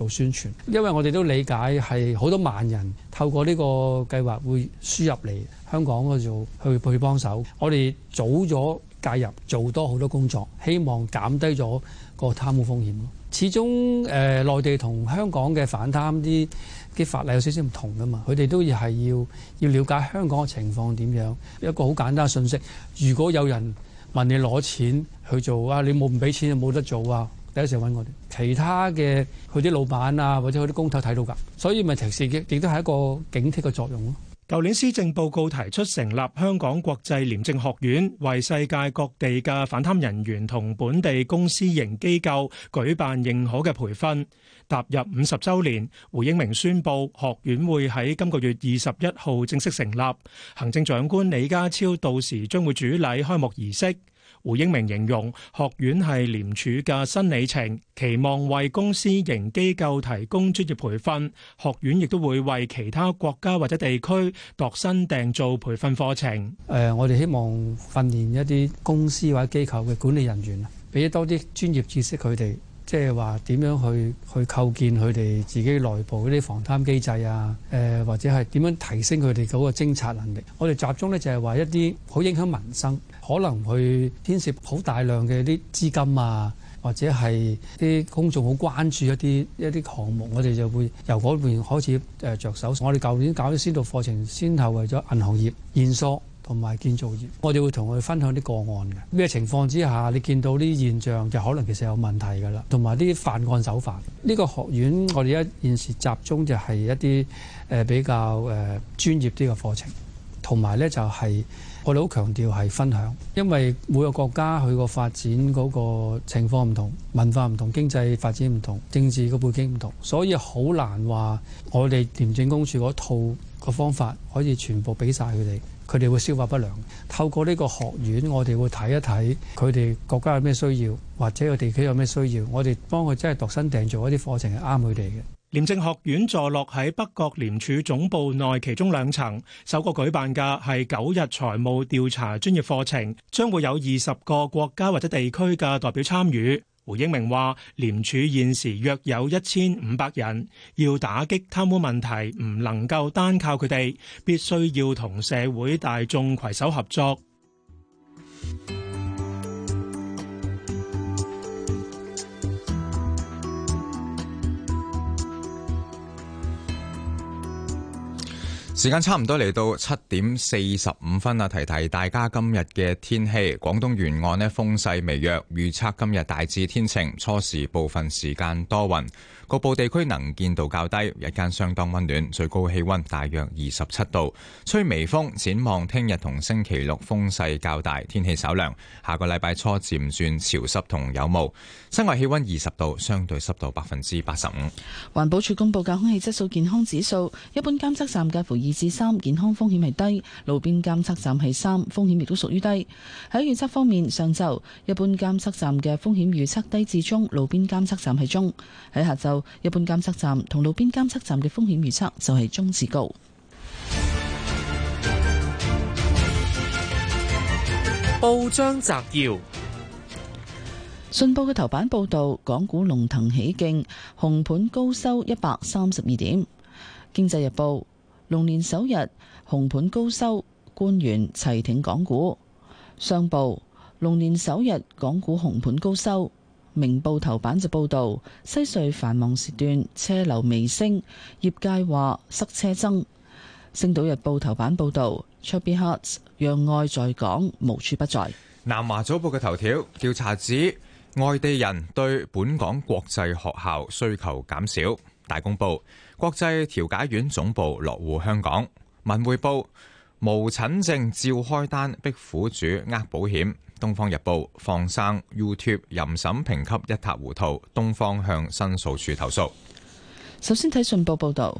做宣傳，因為我哋都理解係好多萬人透過呢個計劃會輸入嚟香港 𠮶 度去去幫手。我哋早咗介入，做多好多工作，希望減低咗個貪污風險。始終，誒，內地同香港嘅反貪啲啲法例有少少唔同噶嘛，佢哋都要係要要了解香港嘅情況點樣。一個好簡單嘅信息，如果有人問你攞錢去做啊，你冇唔俾錢，就冇得做啊。第一時間揾我哋，其他嘅佢啲老闆啊，或者佢啲工頭睇到㗎，所以咪提示亦亦都係一個警惕嘅作用咯。舊年施政報告提出成立香港國際廉政學院，為世界各地嘅反貪人員同本地公私營機構舉辦認可嘅培訓。踏入五十週年，胡英明宣布學院會喺今個月二十一號正式成立。行政長官李家超到時將會主禮開幕儀式。胡英明形容學院係廉署嘅新里程，期望為公私營機構提供專業培訓。學院亦都會為其他國家或者地區度身訂造培訓課程。誒，我哋希望訓練一啲公司或者機構嘅管理人員，俾多啲專業知識佢哋。即係話點樣去去構建佢哋自己內部嗰啲防貪機制啊，誒或者係點樣提升佢哋嗰個偵察能力。我哋集中咧就係話一啲好影響民生，可能去牽涉好大量嘅啲資金啊，或者係啲公眾好關注一啲一啲項目，我哋就會由嗰邊開始誒着手。我哋舊年搞咗先導課程，先後為咗銀行業驗疏。同埋建造業，我哋會同佢分享啲個案嘅，咩情況之下，你見到啲現象，就可能其實有問題噶啦。同埋啲犯案手法，呢、這個學院我哋一現時，集中就係一啲誒比較誒專業啲嘅課程，同埋咧就係、是、我哋好強調係分享，因為每個國家佢個發展嗰個情況唔同，文化唔同，經濟發展唔同，政治個背景唔同，所以好難話，我哋廉政公署嗰套個方法可以全部俾晒佢哋。佢哋會消化不良。透過呢個學院，我哋會睇一睇佢哋國家有咩需要，或者個地區有咩需要，我哋幫佢真係度身訂做一啲課程係啱佢哋嘅。廉政學院坐落喺北角廉署總部內，其中兩層，首個舉辦嘅係九日財務調查專業課程，將會有二十個國家或者地區嘅代表參與。胡英明話，廉署現時約有一千五百人，要打擊貪污問題，唔能夠單靠佢哋，必須要同社會大眾攜手合作。時間差唔多嚟到七點四十五分啊，提提大家今日嘅天氣。廣東沿岸呢風勢微弱，預測今日大致天晴，初時部分時間多雲。局部地區能見度較低，日間相當温暖，最高氣温大約二十七度，吹微風。展望聽日同星期六風勢較大，天氣稍涼。下個禮拜初漸轉潮濕同有霧，室外氣温二十度，相對濕度百分之八十五。環保署公布嘅空氣質素健康指數，一般監測站介乎二至三，健康風險係低；路邊監測站係三，風險亦都屬於低。喺預測方面，上晝一般監測站嘅風險預測低至中，路邊監測站係中。喺下晝，一般監測站同路邊監測站嘅風險預測就係中至高。報章摘要：信報嘅頭版報導，港股龍騰起勁，紅盤高收一百三十二點。經濟日報：龍年首日紅盤高收，官員齊挺港股。商報：龍年首日港股紅盤高收。明報頭版就報道，西隧繁忙時段車流微升，業界話塞車增。星島日報頭版報道 Chubby Hearts 讓愛在港無處不在。南華早報嘅頭條調查指，外地人對本港國際學校需求減少。大公報國際調解院總部落戶香港。文匯報無診證照開單逼苦主呃保險。《東方日報》放生 YouTube 淫審評級一塌糊塗，東方向申訴處投訴。首先睇信報報導，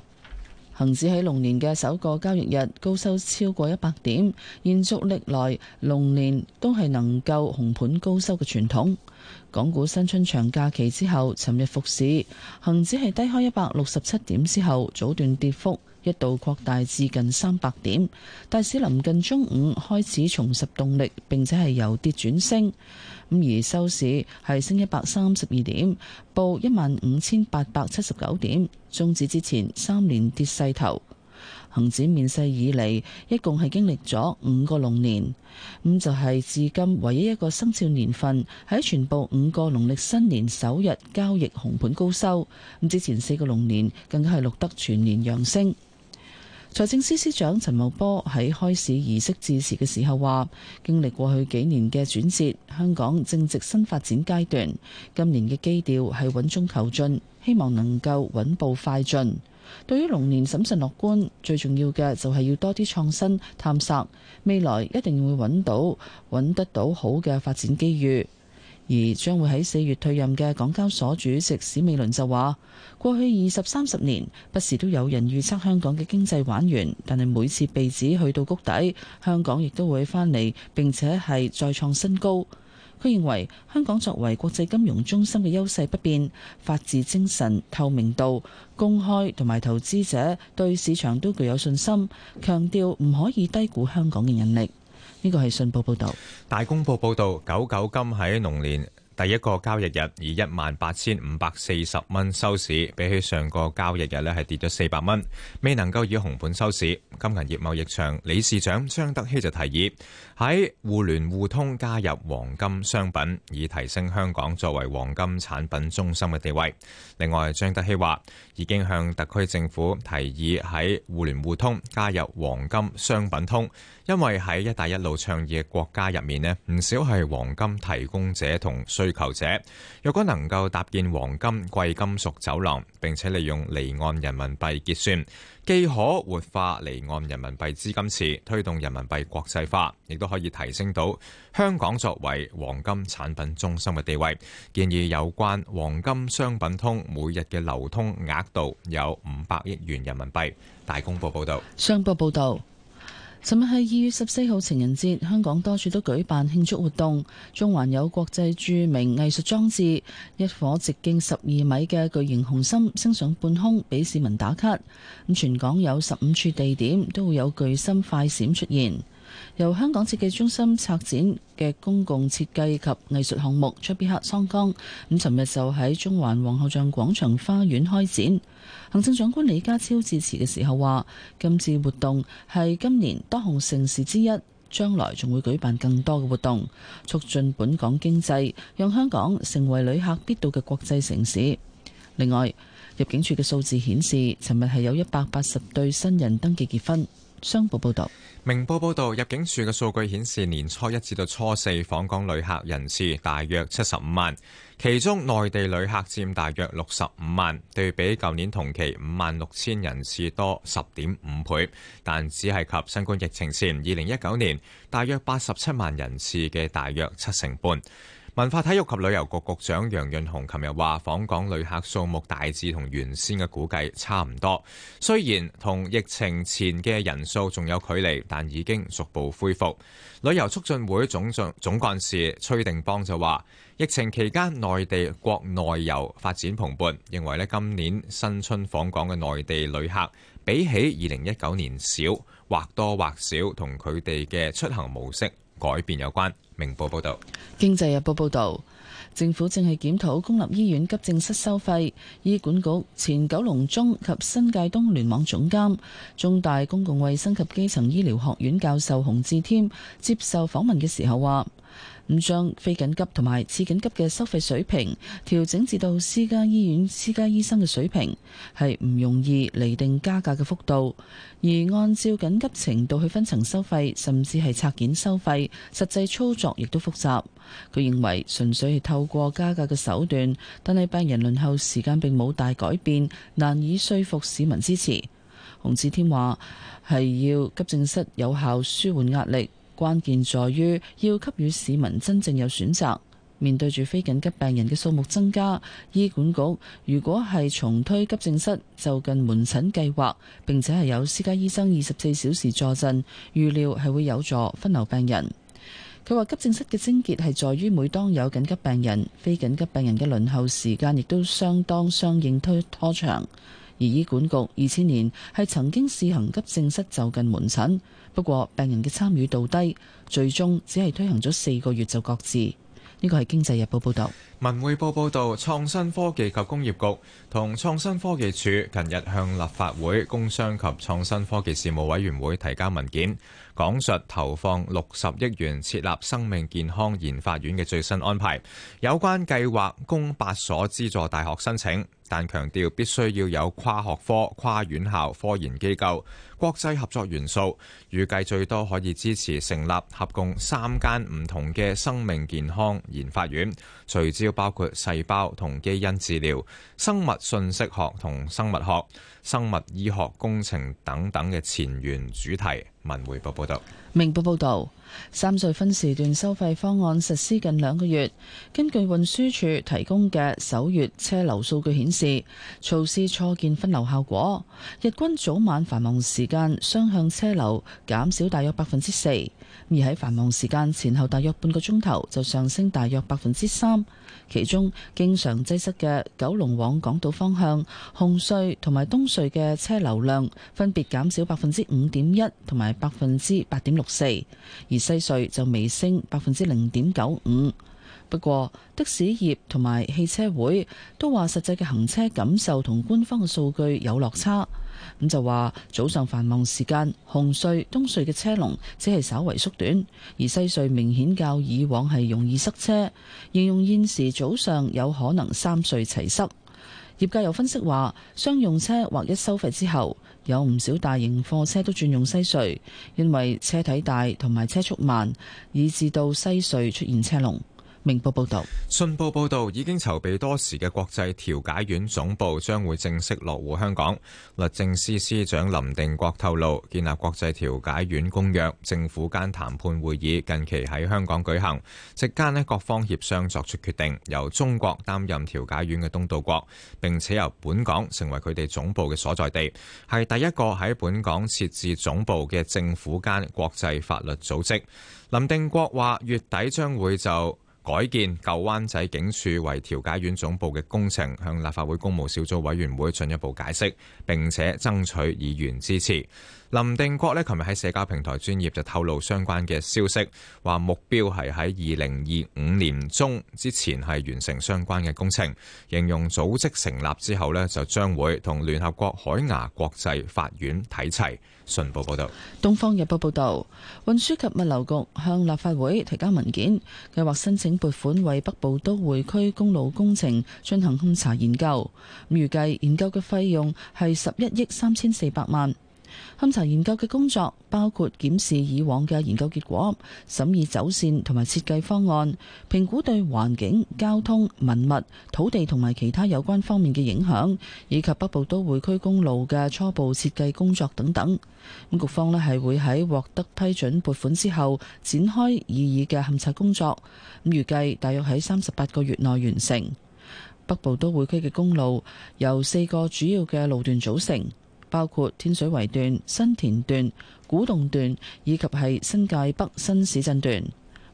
恒指喺龍年嘅首個交易日高收超過一百點，延續歷來龍年都係能夠紅盤高收嘅傳統。港股新春長假期之後，尋日復市，恒指係低開一百六十七點之後，早段跌幅一度擴大至近三百點，大市臨近中午開始重拾動力，並且係由跌轉升。咁而收市係升一百三十二點，報一萬五千八百七十九點。終止之前三年跌勢頭，恒指面世以嚟一共係經歷咗五個龍年，咁就係、是、至今唯一一個生肖年份喺全部五個農曆新年首日交易紅盤高收。咁之前四個龍年更加係錄得全年陽升。財政司司長陳茂波喺開市儀式致辭嘅時候話，經歷過去幾年嘅轉折，香港正值新發展階段，今年嘅基調係穩中求進，希望能夠穩步快進。對於龍年審慎樂觀，最重要嘅就係要多啲創新探索，未來一定會揾到揾得到好嘅發展機遇。而將會喺四月退任嘅港交所主席史美倫就話：過去二十三十年，不時都有人預測香港嘅經濟玩完，但係每次被指去到谷底，香港亦都會翻嚟並且係再創新高。佢認為香港作為國際金融中心嘅優勢不變，法治精神、透明度、公開同埋投資者對市場都具有信心，強調唔可以低估香港嘅韌力。呢個係信報報道，大公報報道，九九金喺農年第一個交易日以一萬八千五百四十蚊收市，比起上個交易日呢係跌咗四百蚊，未能夠以紅盤收市。金銀業貿易場理事長張德熙就提議。喺互聯互通加入黃金商品，以提升香港作為黃金產品中心嘅地位。另外，張德熙話已經向特區政府提議喺互聯互通加入黃金商品通，因為喺一帶一路倡議嘅國家入面咧，唔少係黃金提供者同需求者。若果能夠搭建黃金貴金屬走廊，並且利用離岸人民幣結算，既可活化離岸人民幣資金池，推動人民幣國際化，亦都可以提升到香港作為黃金產品中心嘅地位。建議有關黃金商品通每日嘅流通額度有五百億元人民幣。大公報報道，商報報道，尋日係二月十四號情人節，香港多處都舉辦慶祝活動，中環有國際著名藝術裝置，一顆直徑十二米嘅巨型紅心升上半空，俾市民打卡。全港有十五處地點都會有巨心快閃出現。由香港設計中心策展嘅公共設計及藝術項目《出必克雙江》，咁，尋日就喺中環皇后像廣場花園開展。行政長官李家超致辭嘅時候話，今次活動係今年多項盛事之一，將來仲會舉辦更多嘅活動促進本港經濟，讓香港成為旅客必到嘅國際城市。另外，入境處嘅數字顯示，尋日係有一百八十對新人登記結婚。商報報道，明報報道，入境處嘅數據顯示，年初一至到初四訪港旅客人次大約七十五萬，其中內地旅客佔大約六十五萬，對比舊年同期五萬六千人次多十點五倍，但只係及新冠疫情前二零一九年大約八十七萬人次嘅大約七成半。文化體育及旅遊局局長楊潤雄琴日話訪港旅客數目大致同原先嘅估計差唔多，雖然同疫情前嘅人數仲有距離，但已經逐步恢復。旅遊促進會總總幹事崔定邦就話疫情期間內地國內遊發展蓬勃，認為呢今年新春訪港嘅內地旅客比起二零一九年少，或多或少同佢哋嘅出行模式。改變。有關明報報導，《經濟日報》報導，政府正係檢討公立醫院急症室收費。醫管局前九龍中及新界東聯網總監、中大公共衛生及基層醫療學院教授洪志添接受訪問嘅時候話：五將非緊急同埋次緊急嘅收費水平調整至到私家醫院、私家醫生嘅水平，係唔容易釐定加價嘅幅度，而按照緊急程度去分層收費，甚至係拆件收費，實際操作亦都複雜。佢認為純粹係透過加價嘅手段，但係病人輪候時間並冇大改變，難以說服市民支持。洪志添話，係要急症室有效舒緩壓力。關鍵在於要給予市民真正有選擇。面對住非緊急病人嘅數目增加，醫管局如果係重推急症室就近門診計劃，並且係有私家醫生二十四小時坐鎮，預料係會有助分流病人。佢話急症室嘅症結係在於每當有緊急病人，非緊急病人嘅輪候時間亦都相當相應推拖長。而醫管局二千年係曾經試行急症室就近門診。不過病人嘅參與度低，最終只係推行咗四個月就擱置。呢個係《經濟日報》報導。《文匯報》報導，創新科技及工業局同創新科技處近日向立法會工商及創新科技事務委員會提交文件。講述投放六十億元設立生命健康研發院嘅最新安排。有關計劃供八所資助大學申請，但強調必須要有跨學科、跨院校、科研機構、國際合作元素。預計最多可以支持成立合共三間唔同嘅生命健康研發院，聚焦包括細胞同基因治療、生物信息學同生物學、生物醫學工程等等嘅前沿主題。文匯報報道，明報報道，三隧分時段收費方案實施近兩個月，根據運輸署提供嘅首月車流數據顯示，措施初見分流效果，日均早晚繁忙時間雙向車流減少大約百分之四。而喺繁忙時間前後大約半個鐘頭就上升大約百分之三。其中經常擠塞嘅九龍往港島方向、紅隧同埋東隧嘅車流量分別減少百分之五點一同埋百分之八點六四，而西隧就微升百分之零點九五。不過的士業同埋汽車會都話實際嘅行車感受同官方嘅數據有落差。咁就話早上繁忙時間，紅隧、東隧嘅車龍只係稍微縮短，而西隧明顯較以往係容易塞車。形容現時早上有可能三隧齊塞。業界又分析話，商用車劃一收費之後，有唔少大型貨車都轉用西隧，因為車體大同埋車速慢，以致到西隧出現車龍。明報報道，信報報道，已經籌備多時嘅國際調解院總部將會正式落戶香港。律政司司長林定國透露，建立國際調解院公約，政府間談判會議近期喺香港舉行，席間呢，各方協商作出決定，由中國擔任調解院嘅東道國，並且由本港成為佢哋總部嘅所在地，係第一個喺本港設置總部嘅政府間國際法律組織。林定國話：月底將會就。改建舊灣仔警署為調解院總部嘅工程，向立法會公務小組委員會進一步解釋，並且爭取議員支持。林定國呢，琴日喺社交平台專業就透露相關嘅消息，話目標係喺二零二五年中之前係完成相關嘅工程。形容組織成立之後呢，就將會同聯合國海牙國際法院睇齊。信報報道，《東方日報》報道，運輸及物流局向立法會提交文件，計劃申請撥款為北部都會區公路工程進行勘察研究，預計研究嘅費用係十一億三千四百萬。勘查研究嘅工作包括檢視以往嘅研究結果、審議走綫同埋設計方案、評估對環境、交通、文物、土地同埋其他有關方面嘅影響，以及北部都會區公路嘅初步設計工作等等。咁局方呢係會喺獲得批准撥款之後展開意義嘅勘察工作，咁預計大約喺三十八個月內完成。北部都會區嘅公路由四個主要嘅路段組成。包括天水圍段、新田段、古洞段以及係新界北新市鎮段。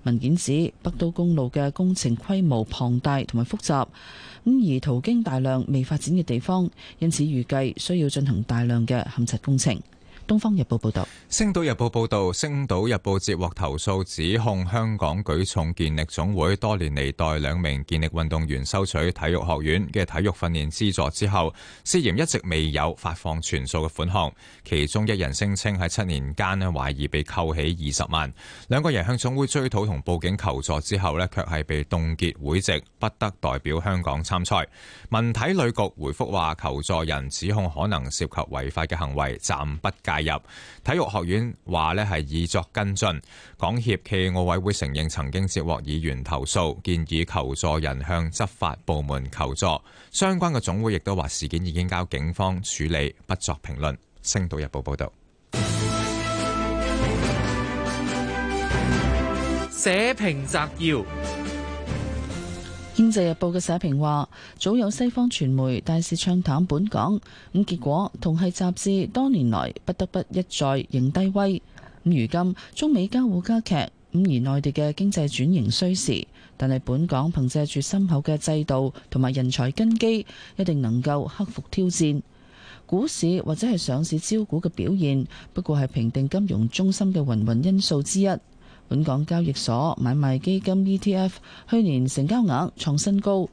文件指北都公路嘅工程規模龐大同埋複雜，咁而途經大量未發展嘅地方，因此預計需要進行大量嘅勘察工程。《東方日報》報道，《星島日報》報道，《星島日報》接獲投訴，指控香港舉重健力總會多年嚟代兩名健力運動員收取體育學院嘅體育訓練資助之後，涉嫌一直未有發放全數嘅款項。其中一人聲稱喺七年間呢，懷疑被扣起二十萬。兩個人向總會追討同報警求助之後呢，卻係被凍結會籍，不得代表香港參賽。文體旅局回覆話，求助人指控可能涉及違法嘅行為，暫不介介入，體育學院話咧係已作跟進。港協暨奧委會承認曾經接獲議員投訴，建議求助人向執法部門求助。相關嘅總會亦都話事件已經交警方處理，不作評論。星島日報報道。社評摘要。《經濟日報》嘅社評話：早有西方傳媒大肆唱淡本港，咁結果同係雜誌多年來不得不一再認低威。咁如今中美交惡加劇，咁而內地嘅經濟轉型需時，但係本港憑藉住深厚嘅制度同埋人才根基，一定能夠克服挑戰。股市或者係上市招股嘅表現，不過係評定金融中心嘅芸芸因素之一。本港交易所買賣基金 ETF 去年成交額創新高，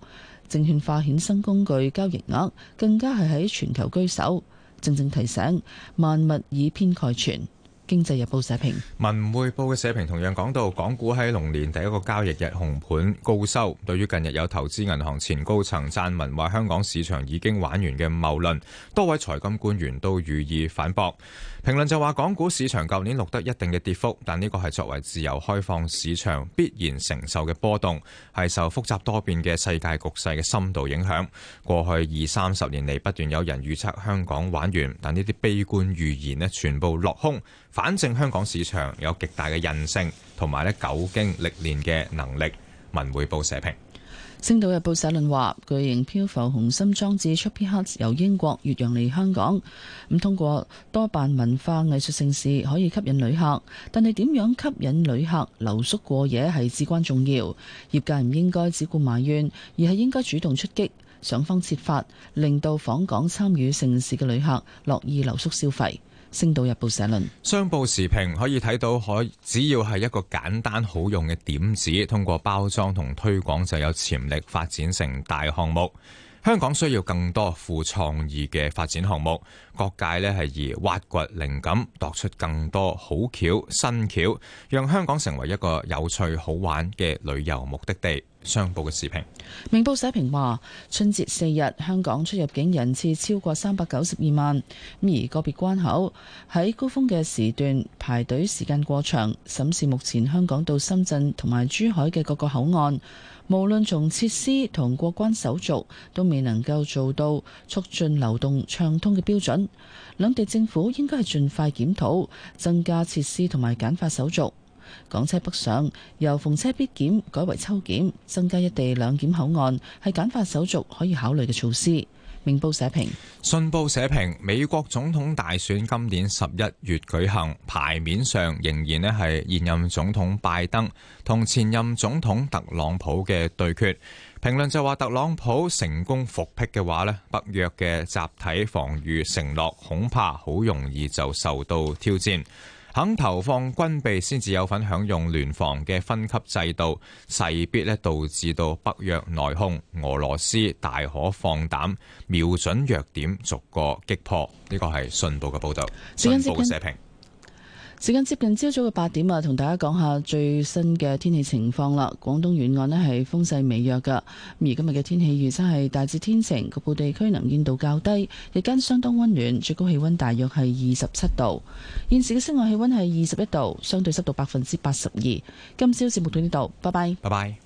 證券化衍生工具交易額更加係喺全球居首，正正提醒萬物以偏概全。《經濟日報》社評，《文匯報》嘅社評同樣講到，港股喺龍年第一個交易日紅盤高收。對於近日有投資銀行前高層撰文話香港市場已經玩完嘅謬論，多位財金官員都予以反駁。評論就話，港股市場舊年錄得一定嘅跌幅，但呢個係作為自由開放市場必然承受嘅波動，係受複雜多變嘅世界局勢嘅深度影響。過去二三十年嚟，不斷有人預測香港玩完，但呢啲悲觀預言咧，全部落空。反正香港市場有極大嘅韌性，同埋咧久經歷練嘅能力。文匯報社評，星島日報社論話：巨型漂浮紅心裝置 Chubby Hearts 由英國越洋嚟香港，咁通過多辦文化藝術盛事可以吸引旅客，但係點樣吸引旅客留宿過夜係至關重要。業界唔應該只顧埋怨，而係應該主動出擊，想方設法令到訪港參與盛事嘅旅客樂意留宿消費。星島日報社論：商報時評可以睇到，可只要係一個簡單好用嘅點子，通過包裝同推廣，就有潛力發展成大項目。香港需要更多富創意嘅發展項目，各界咧係以挖掘靈感，度出更多好橋新橋，讓香港成為一個有趣好玩嘅旅遊目的地。商報嘅時評，明報社評話：春節四日，香港出入境人次超過三百九十二萬，咁而個別關口喺高峰嘅時段排隊時間過長。審視目前香港到深圳同埋珠海嘅各個口岸。無論從設施同過關手續，都未能夠做到促進流動暢通嘅標準。兩地政府應該係盡快檢討，增加設施同埋簡化手續。港車北上，由逢車必檢改為抽檢，增加一地兩檢口岸，係簡化手續可以考慮嘅措施。明報社評，信報社評。美國總統大選今年十一月舉行，牌面上仍然咧係現任總統拜登同前任總統特朗普嘅對決。評論就話，特朗普成功復辟嘅話呢，北約嘅集體防禦承諾恐怕好容易就受到挑戰。肯投放軍備先至有份享用聯防嘅分級制度，勢必咧導致到北約內訌，俄羅斯大可放膽瞄準弱點逐個擊破。呢個係信報嘅報導，信報社評。時間接近朝早嘅八點啊，同大家講下最新嘅天氣情況啦。廣東沿岸呢係風勢微弱噶，而今日嘅天氣預測係大致天晴，局部地區能見度較低，日間相當溫暖，最高氣溫大約係二十七度。現時嘅室外氣溫係二十一度，相對濕度百分之八十二。今朝節目到呢度，拜拜。拜拜。